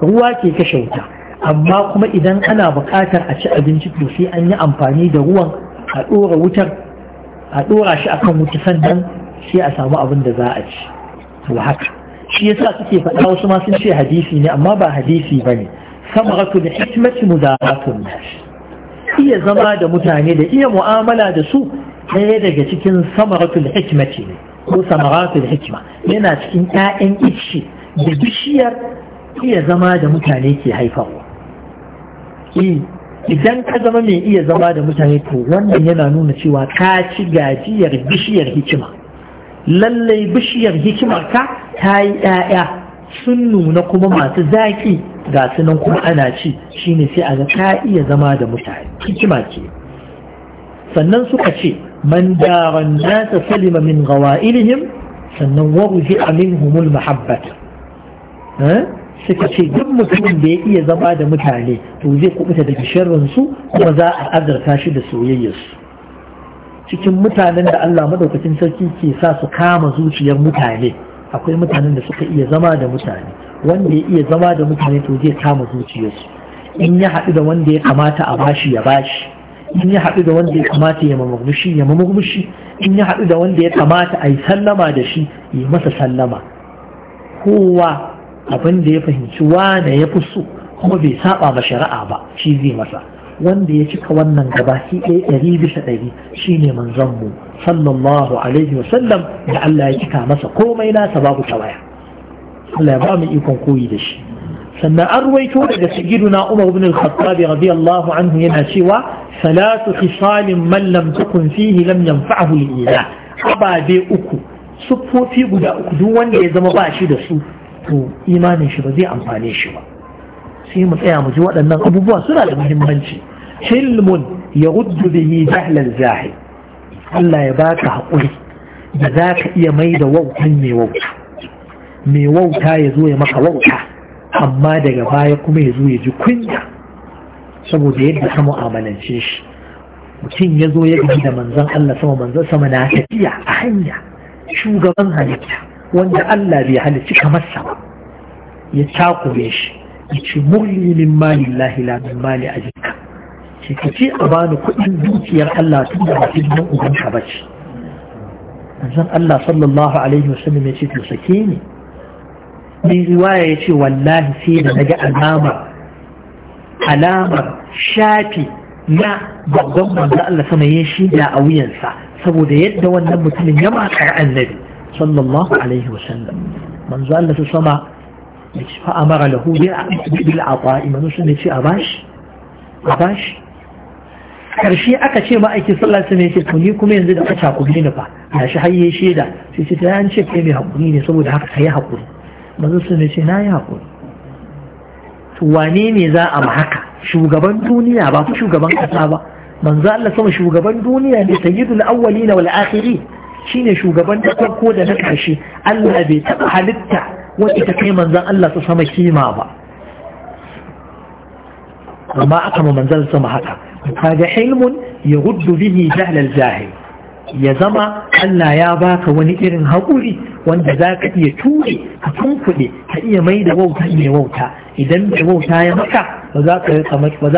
ruwa ke kashe wuta amma kuma idan ana buƙatar a ci abinci to sai an yi amfani da ruwan a ɗora wutar a ɗora shi akan wuta sannan sai a samu abin da za a ci to haka shi yasa suke faɗa wasu ma sun ce hadisi ne amma ba hadisi ba ne samaratu da hikmati mudaratun iya zama da mutane da iya mu'amala da su ɗaya daga cikin samaratul hikmati ne ko samaratul hikima yana cikin 'ya'yan ishi da bishiyar iya zama da mutane ke haifarwa eh, idan ka zama mai iya zama da mutane to wannan yana nuna cewa ka ci gajiyar bishiyar hikima lallai bishiyar hikimar ka ta yi ɗaya sun nuna kuma masu zaƙi ga sunan kuma ana ci shine sai a ga ka iya zama da mutane hikima ce sannan suka ce man daran nasa salima min gawa'ilihim sannan wa ruzi'a humul mahabbat eh? suka ce duk mutumin da ya iya zama da mutane to zai kubuta daga sharrin su kuma za a azarta shi da soyayyar su cikin mutanen da Allah madaukakin sarki ke sa su kama zuciyar mutane akwai mutanen da suka iya zama da mutane wanda ya iya zama da mutane to zai kama zuciyar su in ya haɗu da wanda ya kamata a bashi ya bashi in ya haɗu da wanda ya kamata ya mamurmushi ya mamurmushi in ya haɗu da wanda ya kamata a yi sallama da shi ya masa sallama kowa abin da ya fahimci wane ya fi so kuma bai saba ma shari'a ba shi zai masa wanda ya cika wannan gaba shi ɗaya ɗari bisa ɗari shi ne manzon mu sallallahu alaihi wa sallam da Allah ya cika masa komai nasa babu tawaya Allah ya ba mu ikon koyi da shi sannan an ruwaito daga na Umar ibn al-Khattab radiyallahu anhu yana cewa salatu khisalin man lam tukun fihi lam yanfa'ahu al-ila ababe uku sufofi guda uku duk wanda ya zama ba shi da su to imanin shi ba zai amfane shi ba sai mu tsaya mu ji waɗannan abubuwa suna da muhimmanci hilmun ya ruddu bihi jahlal jahil Allah ya baka haƙuri da za ka iya mai da wautan mai wauta mai wauta ya zo ya maka wauta amma daga baya kuma ya zo ya ji kunya saboda yadda ka mu'amalance shi mutum ya zo ya gaji da manzon Allah sama manzon sama na tafiya a hanya shugaban halitta wanda Allah bai halicci kamar sa ba ya takure shi ya ce murni min mali lahi la min mali ajika ce ka ce a bani kuɗin dukiyar Allah tun da masu gidan ubanka ba ce zan Allah sallallahu alaihi wasallam ya ce to sake ni mai riwaya ya ce wallahi sai da naga alamar alamar shafi na babban manzo Allah sama ya shida a wuyansa saboda yadda wannan mutumin ya makar annabi sallallahu alaihi wasallam manzo Allah ta sama ya ce fa amara lahu bil ata'i manzo sun ce a bashi a bashi karshe aka ce ma'aikin sallallahu alaihi wasallam ya ce ni kuma yanzu da kaca ku ne fa ya shi hayye sheda sai ce ta an ce kai mai hakuri ne saboda haka kai hakuri manzo sun ce na yi hakuri to wane ne za a ma haka shugaban duniya ba ku shugaban kasa ba manzo Allah sama shugaban duniya ne sayyidul awwalin wal akhirin shine shugaban da farko da na ƙarshe Allah bai taɓa halitta wacce ta kai manzan Allah su sama kima ba amma aka ma manzan sama haka kaga ilmun ya guddu bihi jahlal jahil ya zama Allah ya baka wani irin haƙuri wanda za ka iya ture ka tunkuɗe ka iya mai da wauta mai wauta idan mai wauta ya maka ba za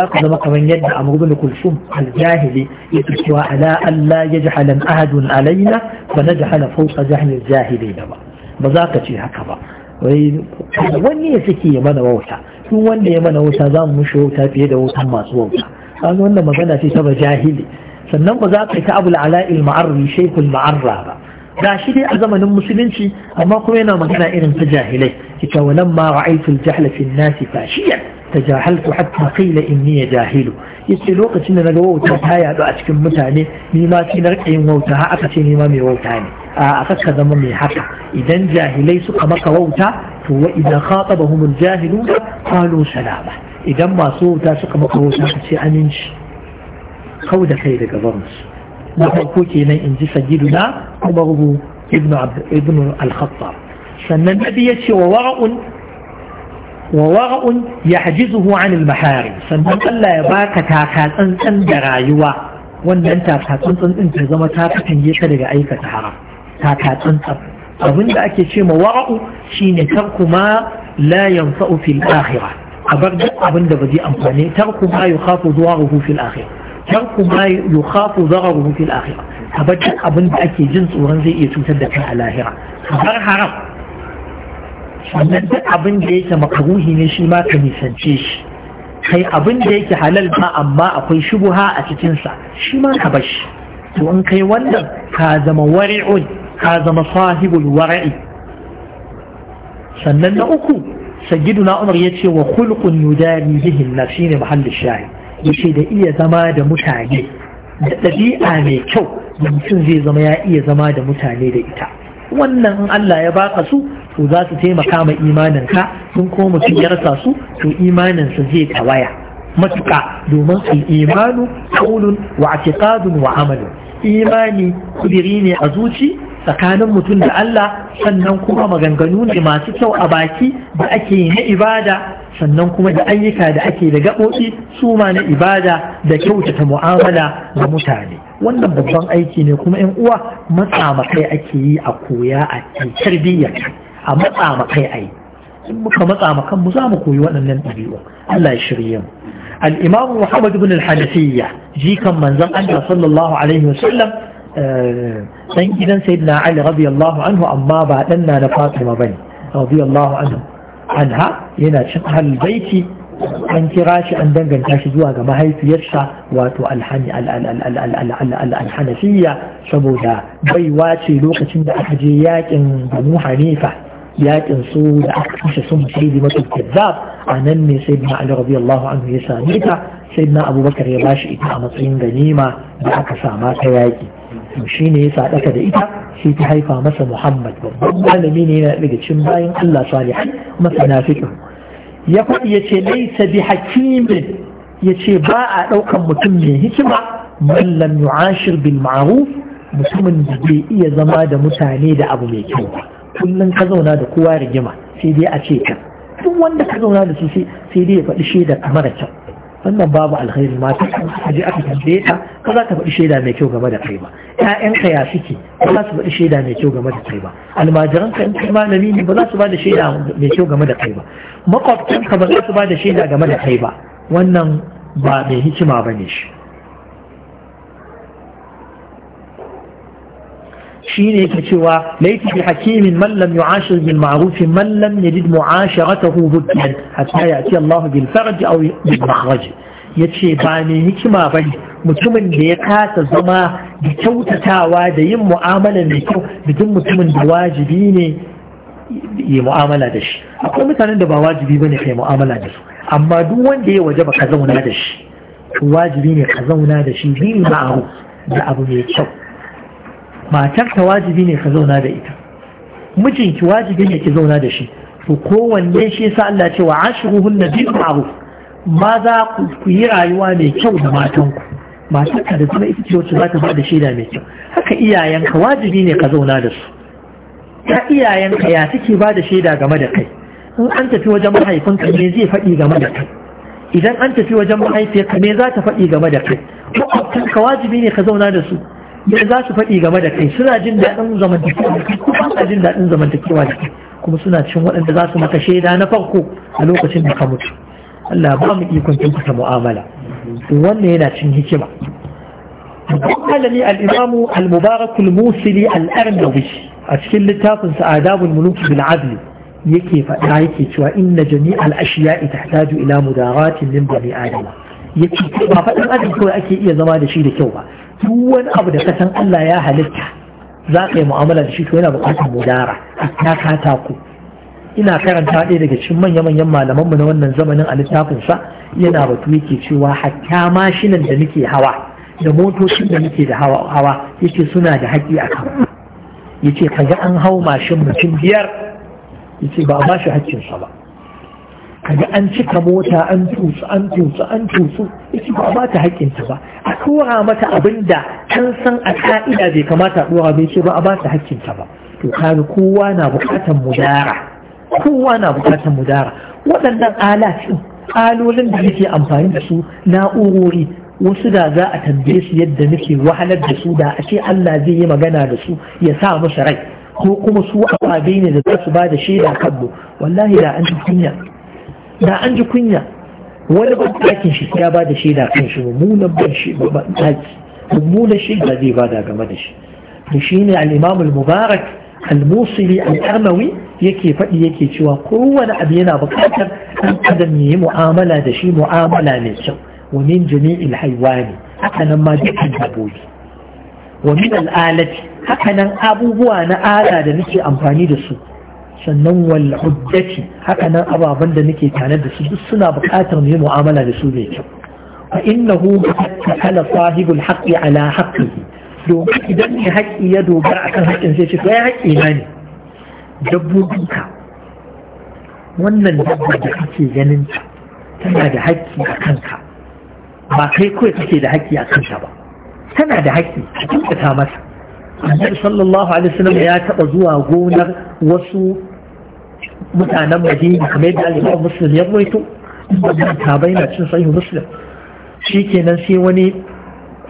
ka zama kamar yadda amur bin kulsum aljahili ya cewa ala Allah ya jahalan ahadun alaina ba na jahala fauka jahilin jahili da ba ba za ka ce haka ba wani ya suke ya mana wauta tun wanda ya mana wauta za mu mushi wauta fiye da wautan masu wauta an wannan magana ce ta ba jahili sannan ba za ka ta abu ala'il ma'arri shekul ma'arra ba ga shi dai a zamanin musulunci amma kuma yana magana irin ta jahilai ita ma ra'aytul jahla fi nasi fashiyan تجاهلت حتى قيل إني جاهل يسأل وقت إننا قووتا هيا بأتك متاني ميماتي نرقعي موتا ها أتتي ميمامي ووتاني أخذك آه، ذممي حقا إذا جاهل ليس قمك ووتا وإذا خاطبهم الجاهلون قالوا سلامة إذا ما صوتا سقمك ووتا أتتي أنينش خودة خير قبرنس نحن كوكي إني إنجي سجدنا أمره ابن, ابن الخطاب فالنبي يتشي ووعء wa wara'un yahjizuhu anil mahari sannan Allah ya baka taka tsantsan da rayuwa wannan taka tsantsan din ta zama ta katange ka daga aikata haram taka tsantsan abin ake ce ma wara'u shine tarku ma la yanfa'u fil akhirah abar duk abin ba zai amfane tarku ma yukhafu zuwaruhu fil akhirah tarku ma yukhafu zararuhu fil akhirah abar da ake jin tsoron zai iya cutar da kai a lahira haram sannan duk abin da yake makaruhi ne shi ma ka nisance shi kai abin da yake halal ba amma akwai shubuha a cikinsa shi ma ka bashi to in kai wannan ka zama wari'un ka zama sahibul wari'i sannan na uku na umar ya ce wa khulqun yudani bihi na shine mahallin shahi yace da iya zama da mutane da ɗabi'a mai kyau mutum zai zama ya iya zama da mutane da ita wannan in Allah ya baka su to za su taimaka ma imanin imaninka sun kuma mutum ya rasa su to imanin imaninsa zai tawaya Matuka domin su imanu kaunun wa atiqadun wa amalin imani kudiri ne a zuci tsakanin mutum da Allah sannan kuma maganganu ne masu kyau a baki da ake na ibada sannan kuma da ayyuka da ake da gaɓoɓi su ma na ibada da kyautata mu'amala da mutane wannan babban aiki ne kuma 'yan uwa matsa makai ake yi a koya a tarbiyyar a matsa ma kai ai in muka matsa ma kanmu za mu koyi waɗannan ɗabi'u Allah ya shirye mu al-imam Muhammad ibn al-Hanafiyya jikan manzon Allah sallallahu alaihi sallam eh, dan gidan sayyidina Ali radiyallahu anhu amma ba danna na da Fatima bane radiyallahu anhu anha yana cin ahlul baiti an kira shi an danganta shi zuwa ga mahaifiyarsa wato alhanafiya saboda baiwa ce lokacin da aka je yakin banu hanifa yakin su da aka kashe su musaidi matul kazzab a nan ne sai na ali radiyallahu anhu ya same ta sai na abubakar ya bashi ita a matsayin ganima da aka sama ta yaki to shi ne ya sadaka da ita shi ta haifa masa muhammad babban malami ne yana daga cikin bayan allah salihan masana fiqh ya faɗi ya ce laisa bi hakimin yace ba a ɗaukan mutum mai hikima man lam yu'ashir bil ma'ruf mutumin da bai iya zama da mutane da abu mai kyau ba kullum ka zauna da kowa rigima sai dai a ce kan duk wanda ka zauna da su sai dai ya faɗi shaida a mara kyau wannan babu alkhairi mata a je aka tambaye ta ba za ka faɗi shaida mai kyau game da kai ba ƴaƴanka ya suke ba za su faɗi shaida mai kyau game da kai ba almajiranka in kai malami ne ba za su ba da shaida mai kyau game da kai ba makwabtanka ba za su ba da shaida game da kai ba wannan ba mai hikima ba ne shi shine yake cewa laiti bi hakimin man lam yu'ashir bil ma'ruf man lam yajid mu'asharatahu hujjan hatta ya'ti Allah bil farj aw bil makhraj yace ba ne hikima bane mutumin da ya kasa zama da kyautatawa da yin mu'amala mai kyau da duk mutumin da wajibi ne yi mu'amala da shi akwai mutanen da ba wajibi bane kai mu'amala da su amma duk wanda ya wajaba ka zauna da shi wajibi ne ka zauna da shi bil ma'ruf da abu mai kyau matar ta wajibi ne ka zauna da ita mijinki wajibi ne ki zauna da shi to kowanne shi yasa Allah ce wa ashruhunna bil ma'ruf za ku yi rayuwa mai kyau da matanku matarka da kuma ita ce wacce za ta da shaida mai kyau haka iyayenka wajibi ne ka zauna da su ta iyayenka ya take bada shaida game da kai in an tafi wajen mahaifinka me zai faɗi game da kai idan an tafi wajen mahaifiyarka me za ta faɗi game da kai Ko ka wajibi ne ka zauna da su me za su faɗi game da kai suna jin daɗin zamantakewa kuma suna jin daɗin zamantakewa da kai kuma suna cikin waɗanda za su maka shaida na farko a lokacin da ka mutu Allah ba mu ikon kyautata mu'amala wannan yana cin hikima malami al-imamu al-mubarak al-musili al-arnawi a cikin littafin sa adabul muluk bil adl yake faɗa yake cewa inna jami'al ashiya'i tahtaju ila mudaratin min bani adama yake ba faɗin adam kawai ake iya zama da shi da kyau ba duk wani abu da kasan Allah ya halitta za ka yi mu'amala da shi to yana buƙatar mudara na katako ina karanta ɗaya daga cikin manya-manyan malamanmu na wannan zamanin a littafinsa yana batu yake cewa hatta mashinan da muke hawa da motocin da muke da hawa yake suna da haƙi a kan yace kaga an hau mashin mutum biyar yace ba a ba shi haƙƙinsa ba kaga an cika mota an tusu, an tusu, an tutsu ita ba ba ta haƙƙinta ba a tura mata abin da can san a ka'ida bai kamata a ɗora bai ce ba a ba ta haƙƙinta ba to kaga kowa na buƙatar mudara kowa na buƙatar mudara waɗannan alatin alolin da yake amfani da su na'urori wasu da za a tambaye su yadda nake wahalar da su da ake Allah zai yi magana da su ya sa musu rai ko kuma su ababe ne da za su ba da shaida kallo wallahi da an kunya da an ji kunya wani ban ɗakin shi ya ba da shaida kan shi mummunan ban shi ban zai ba da game da shi to shine al-imam al-mubarak al-musili al-arnawi yake faɗi yake cewa kowane abu yana buƙatar an adam ya yi mu'amala da shi mu'amala mai kyau wa min jami'il haywani haka nan ma dukkan dabbobi wa min al-alati haka nan abubuwa na ala da nake amfani da su sannan wal hujjati haka nan ababen da nake tare da su duk suna buƙatar mu yi mu'amala da su mai kyau fa innahu ta'ala sahibul haqqi ala haqqihi domin idan ne haƙƙi ya dogara akan haƙƙin sai ce to ya haƙƙi na ne dabbobinka wannan dabba da kake ganin ta tana da haƙƙi a kanka ba kai kawai kake da haƙƙi a kanta ba tana da haƙƙi a ta masa annabi sallallahu alaihi wasallam ya taɓa zuwa gonar wasu mutanen madina kamar yadda al'imam muslim ya rawaito wannan tabai na cin sahihu muslim shikenan sai wani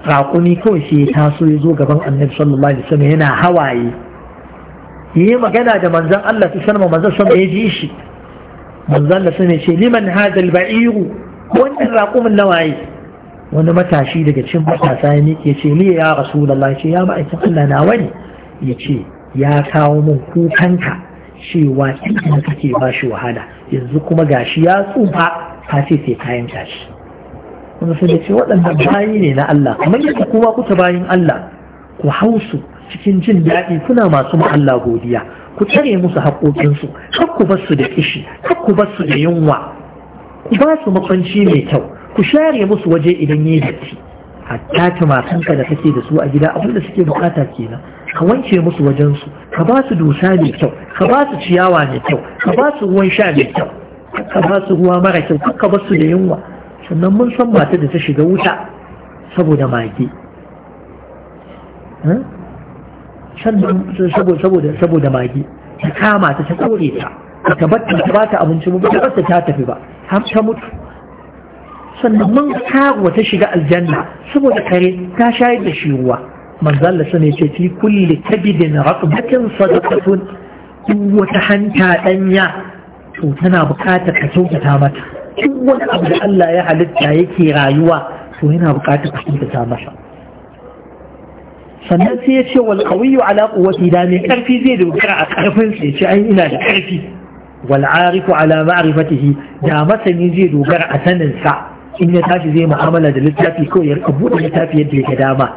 raƙumi kawai sai ya taso ya zo gaban annabi sallallahu alaihi wasallam yana hawaye yi magana da manzon Allah ta sanma manzon sama ya ji shi manzon Allah sai ce liman hadal ba'iru wannan raƙumin nawaye wani matashi daga cikin matasa ya miƙe ce ni ya rasulullahi ce ya ma'aikin Allah na wani ya ce ya kawo mun kukanka cewa inda kake ba shi wahala yanzu kuma gashi ya tsufa ka ce sai kayan tashi wanda sun ce waɗanda bayi ne na Allah kamar yadda kuma kuta bayin Allah ku hausu cikin jin daɗi kuna masu ma Allah godiya ku tare musu haƙoƙinsu kar ku bar su da kishi kar ku bar su da yunwa ku ba su makwanci mai kyau ku share musu waje idan yayi datti hatta tumakanka da kake da su a gida abinda suke bukata kenan ka wanke musu wajensu ka ba su dusa mai kyau ka ba su ciyawa mai kyau ka ba su ruwan sha mai kyau ka ba su ruwa mara kyau ka ba su da yunwa sannan mun san mata da ta shiga wuta saboda mage saboda mage ta kama ta ta kore ta ta batta ta ba ta abinci ba ta ta tafi ba har ta mutu sannan man karuwa ta shiga aljanna saboda kare ta shayar da shi ruwa manzo Allah sune ce fi kulli kabidin raqbatin sadaqatun duk wata hanta danya to tana buƙatar ka kyautata mata duk wani abu da Allah ya halitta yake rayuwa to yana buƙatar ka kyautata masa sannan sai ya ce wal qawiyyu ala quwwati da mai karfi zai dogara a karfin sa ce ai ina da karfi wal arifu ala ma'rifatihi da masani zai dogara a sanin sa in ya tashi zai mu'amala da littafi kawai ya buɗe littafi yadda ya dama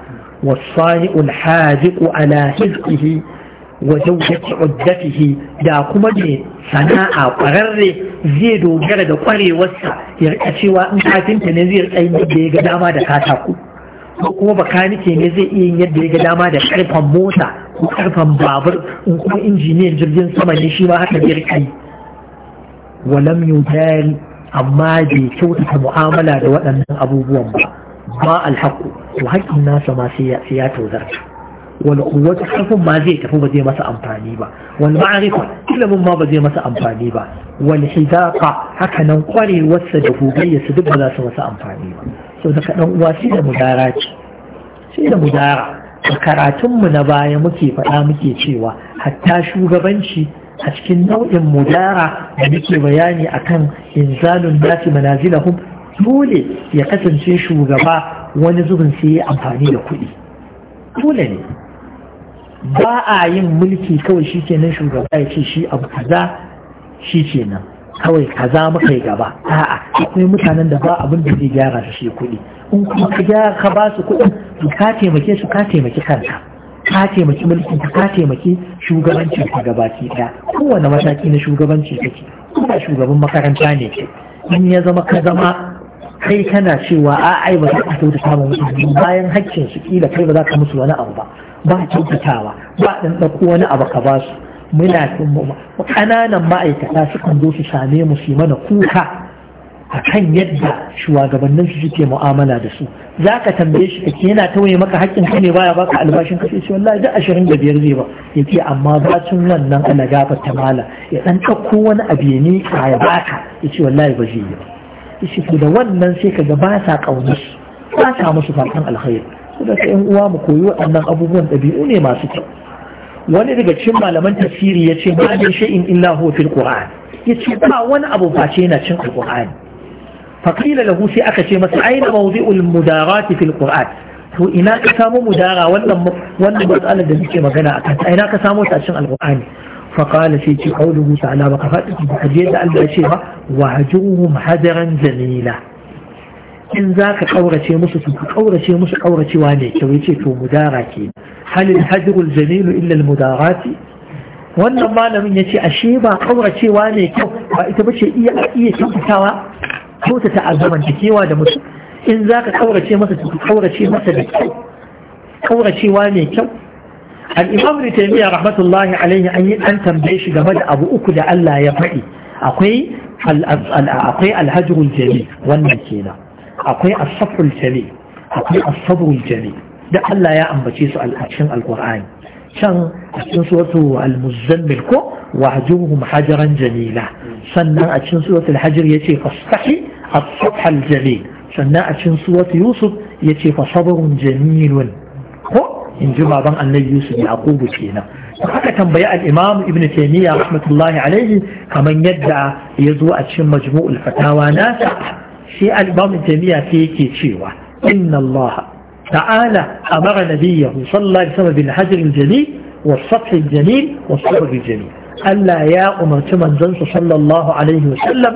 wasani ulhaziku ala hizkihi wa zaujati uddatihi da kuma ne sana'a kwararre zai dogara da kwarewarsa Yarka cewa in kafinta ne zai rika yin yadda ya ga dama da katako, ko kuma bakanike ne zai iya yin yadda ya ga dama da karfan mota ko karfan babur in kuma injiniyan jirgin sama ne shi ma haka zai rika yi amma bai kyautata mu'amala da waɗannan abubuwan ba ba alhaku to haƙƙin nasa ma sai ya tozarta wani wata kafin ma zai tafi ba zai masa amfani ba wani ma'arifa ilimin ma ba zai masa amfani ba wani hidaqa haka nan kwarewarsa da gogayya su duk ba za su masa amfani ba sau daga ɗan uwa sai da mudara ce sai da mudara a karatunmu na baya muke faɗa muke cewa hatta shugabanci a cikin nau'in mudara da muke bayani akan inzalun nasi manazilahum dole ya kasance shugaba wani zubin sai ya amfani da kuɗi dole ne ba a yin mulki kawai shi kenan shugaba ya ce shi abu kaza shi kenan kawai kaza muka yi gaba a'a akwai mutanen da ba abin da zai gyara su shi kuɗi in kuma ka ka ba su kuɗin ka taimake su ka taimaki kanka ka taimaki mulkin ka taimaki shugabanci ka gabaki daya kowane mataki na shugabanci kake kuma shugaban makaranta ne ke in ya zama ka zama kai kana cewa a ai ba za ka kyauta ta musu bayan hakkin su kila kai ba za ka musu wani abu ba ba kyautatawa ba dan dauko wani abu ka ba su muna ƙananan ma'aikata sukan zo su same mu su mana kuka a kan yadda shugabannin su suke mu'amala da su za ka tambaye shi kake yana tawaye maka haƙƙin ka ne baya baka albashin ka sai ce wallahi duk ashirin da biyar zai ba yake amma bacin wannan ana gafar ta mala ya ɗan ɗauko wani abu ya miƙa ya baka ya ce wallahi ba zai yi ba ya ce da wannan sai ka ga ba sa su. ba sa musu fatan alkhairi saboda ka ƴan uwa mu koyi waɗannan abubuwan ɗabi'u ne masu kyau wani daga cikin malaman tafsiri ya ce ma shain shay'in illa huwa fil qur'an ya ce ba wani abu face yana cin alkur'ani faƙila sai aka ce masa aina mawdi'ul mudarati fil qur'an to ina ka samu mudara wannan matsalar da muke magana a kanta ina ka samu ta cikin alqur'ani فقال قوله تعالى وقفت بحجية البشيرة وهجوهم هجرا جميلا in za ka ƙaurace musu su ƙaurace musu ƙauracewa ne kyau ya ce to mudara ke halin hajjirul jamilu illal mudarati wannan malamin ya ce ashe ba ƙauracewa ne kyau ba ita ba ce iya iya kyautata a zamantakewa da mutum in za ka kaurace masa to kaurace masa da kyau kauracewa mai kyau al-imam ibn taymiyyah rahmatullahi alaihi an yi an tambaye shi game da abu uku da Allah ya faɗi akwai akwai al jami wannan kenan akwai as-safrul jami akwai as jami da Allah ya ambace su a cikin al-Qur'ani can a cikin suratu al-muzammil ko wahjuhum hajaran jamila صنع أجن سورة الحجر يتي فاستحي الصبح الجليل صنع أجن سورة يوسف يتي فصبر جميل هو إن جمع بان أن يوسف يعقوب فينا هذا كان بياء الإمام ابن تيمية رحمة الله عليه كما يدعى يزوء أجن مجموع الفتاوى ناسا في الإمام ابن تيمية في كيتشيوة إن الله تعالى أمر نبيه صلى الله عليه وسلم بالحجر الجليل والصبح الجميل والصبر الجميل Allah ya umarci manzansu sallallahu alaihi wasallam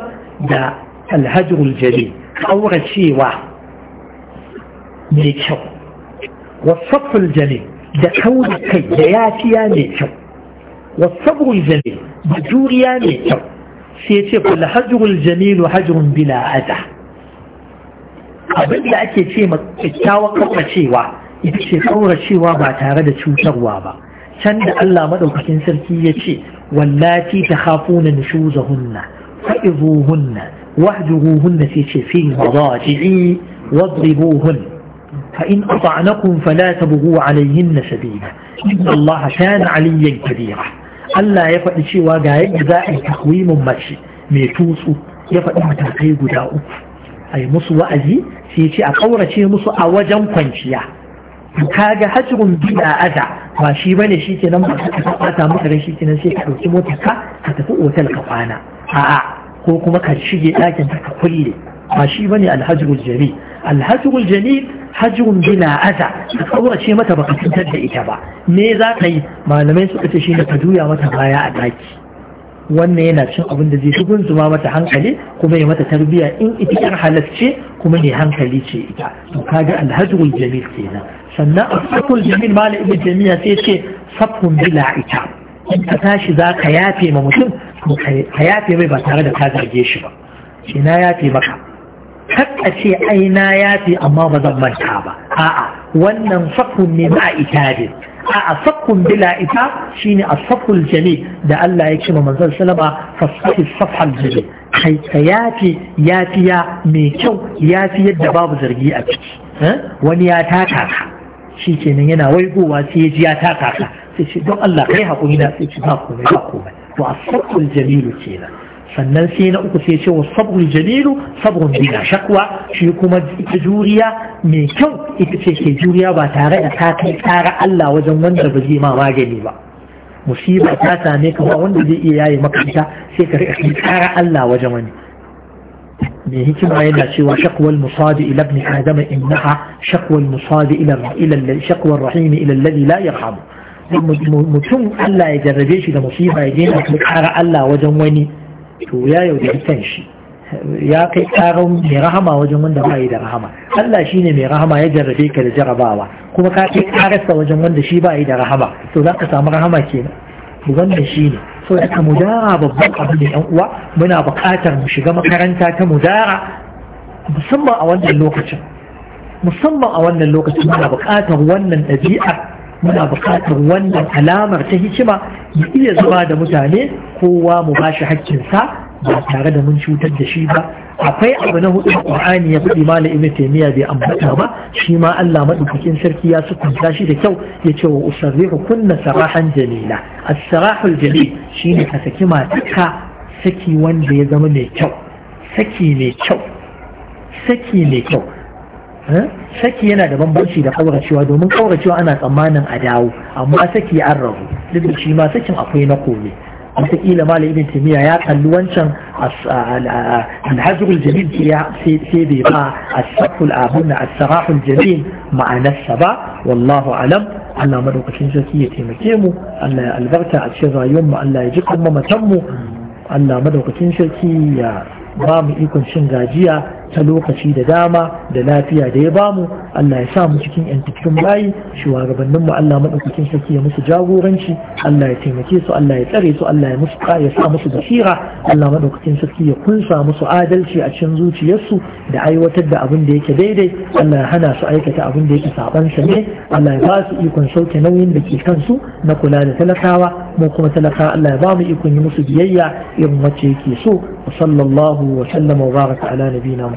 da alhajrul jali kauracewa mai kyau wasaful jali da kaura kai da yafiya mai kyau wasabrul jali da juriya mai kyau sai ce kula hajjurul jamilu hajjurun bila hada abin da ake ce kyakkyawan kauracewa ita ce kauracewa ba tare da cutarwa ba can da Allah maɗaukakin sarki ya ce wallati takhafuna nushuzahunna fa'izuhunna wahjuruhunna sai ce fi madaji'i wadribuhunna فإن أطعنكم فلا تبغوا عليهن سبيلا إن الله كان عليا كبيرا ألا يفعل شيء وقع جزاء تقويم مشي ميتوس يفعل متاقي قداء أي مصو وأزي سيتي أقورة شيء مصو أوجا كونشيا kaga hajrun bila aza ba shi bane shi nan ba ka bata maka rai shi nan sai ka ɗauki motar ka ka tafi otal ka kwana a'a ko kuma ka shige ɗakin ka kulle ba shi bane alhajrul jami alhajrul jami hajrun bila aza ka kaurace mata baka cutar da ita ba me za ka yi malamai suka ce ne ka juya mata baya a daki wannan yana cin abin da zai fi zuma mata hankali kuma ya mata tarbiyya in ita yar halarce kuma ne hankali ce ita to kaga alhajrul jamil kenan sannan a sakul jamil mala ibn jamiya sai ce safhun bila ita in ka tashi za ka yafe ma mutum ka yafe mai ba tare da ka zarge shi ba shi na yafe maka kakka ce ai na yafe amma ba zan manta ba a'a wannan safhun ne ma ita ne a'a safhun bila ita shine a safhul jamil da Allah ya ce ma manzon sallama fasahi safhal jamil kai ka yafe yafiya mai kyau yafi yadda babu zargi a ciki eh? wani ya taka ka shi kenan yana waigowa sai ya ji ya taka ka sai ce don Allah kai haƙuri na sai ce ba komai ba komai to a sabul jamilu kenan sannan sai na uku sai ce wa sabul jamilu shakwa shi kuma ita juriya mai kyau ita ce ke juriya ba tare da ta kai tsara Allah wajen wanda ba zai ma magani ba musiba ta same ka ba wanda zai iya yaye maka sai ka rika tsara Allah wajen wani من هيكما ينا سوى شقوى المصاد إلى ابن آدم إنها شقوى المصاد إلى إلى شقوى الرحيم إلى الذي لا يرحم متم ألا يجربيش إذا مصيبة يدين أحمد حارة وجموني تويا يودي تنشي يا كي مرحمة وجمون دفاعي درحمة ألا شين مرحمة يجربيك لجربا كما كي أغسط وجمون دشيبا إذا رحمة سوداك سامرحمة كينا wannan shi ne so daga mudara babban abu ne yan uwa muna buƙatar mu shiga makaranta ta mudara musamman a wannan lokacin musamman a wannan lokacin muna buƙatar wannan ɗabi'ar muna buƙatar wannan alamar ta hikima ya iya zama da mutane kowa mu ba shi haƙƙinsa ba tare da mun cutar da shi ba akwai abu na hudu da ƙurani ya fi mala ibn Taymiya bai ambata ba shi ma Allah madaukakin sarki ya sukunta shi da kyau ya ce wa usarrihu kunna sarahan jalila as-sarahul jalil shine ka saki matarka saki wanda ya zama mai kyau saki mai kyau saki mai kyau eh? saki yana da bambanci da kauracewa domin kauracewa ana tsammanin a dawo amma saki an rabu duk da shi ma sakin akwai na kome kila mala ibn taimiyya ya kalli wancan alhajjul jamil sai bai ba asaful abunna asarahul jamil ma'anarsa ba wallahu alam Allah madaukakin sarki ya taimake mu Allah ya albarka a cikin rayuwar mu Allah ya ji kuma matan mu Allah madaukakin sarki ya ba mu ikon shin gajiya ta lokaci da dama da lafiya da ya bamu Allah ya sa mu cikin yan cikin bayi shugabannin mu Allah madaukakin sarki ya musu jagoranci Allah ya taimake su Allah ya tsare su Allah ya musu ya sa musu basira Allah madaukakin sarki ya kunsa musu adalci a cikin zuciyarsu da aiwatar da abin da yake daidai Allah ya hana su aikata abin da yake saban sa ne Allah ya ba su ikon sauke nauyin da ke kansu na kula da talakawa mu kuma talaka Allah ya ba mu ikon yi musu biyayya irin wacce yake so sallallahu wa sallama wa baraka ala nabiyina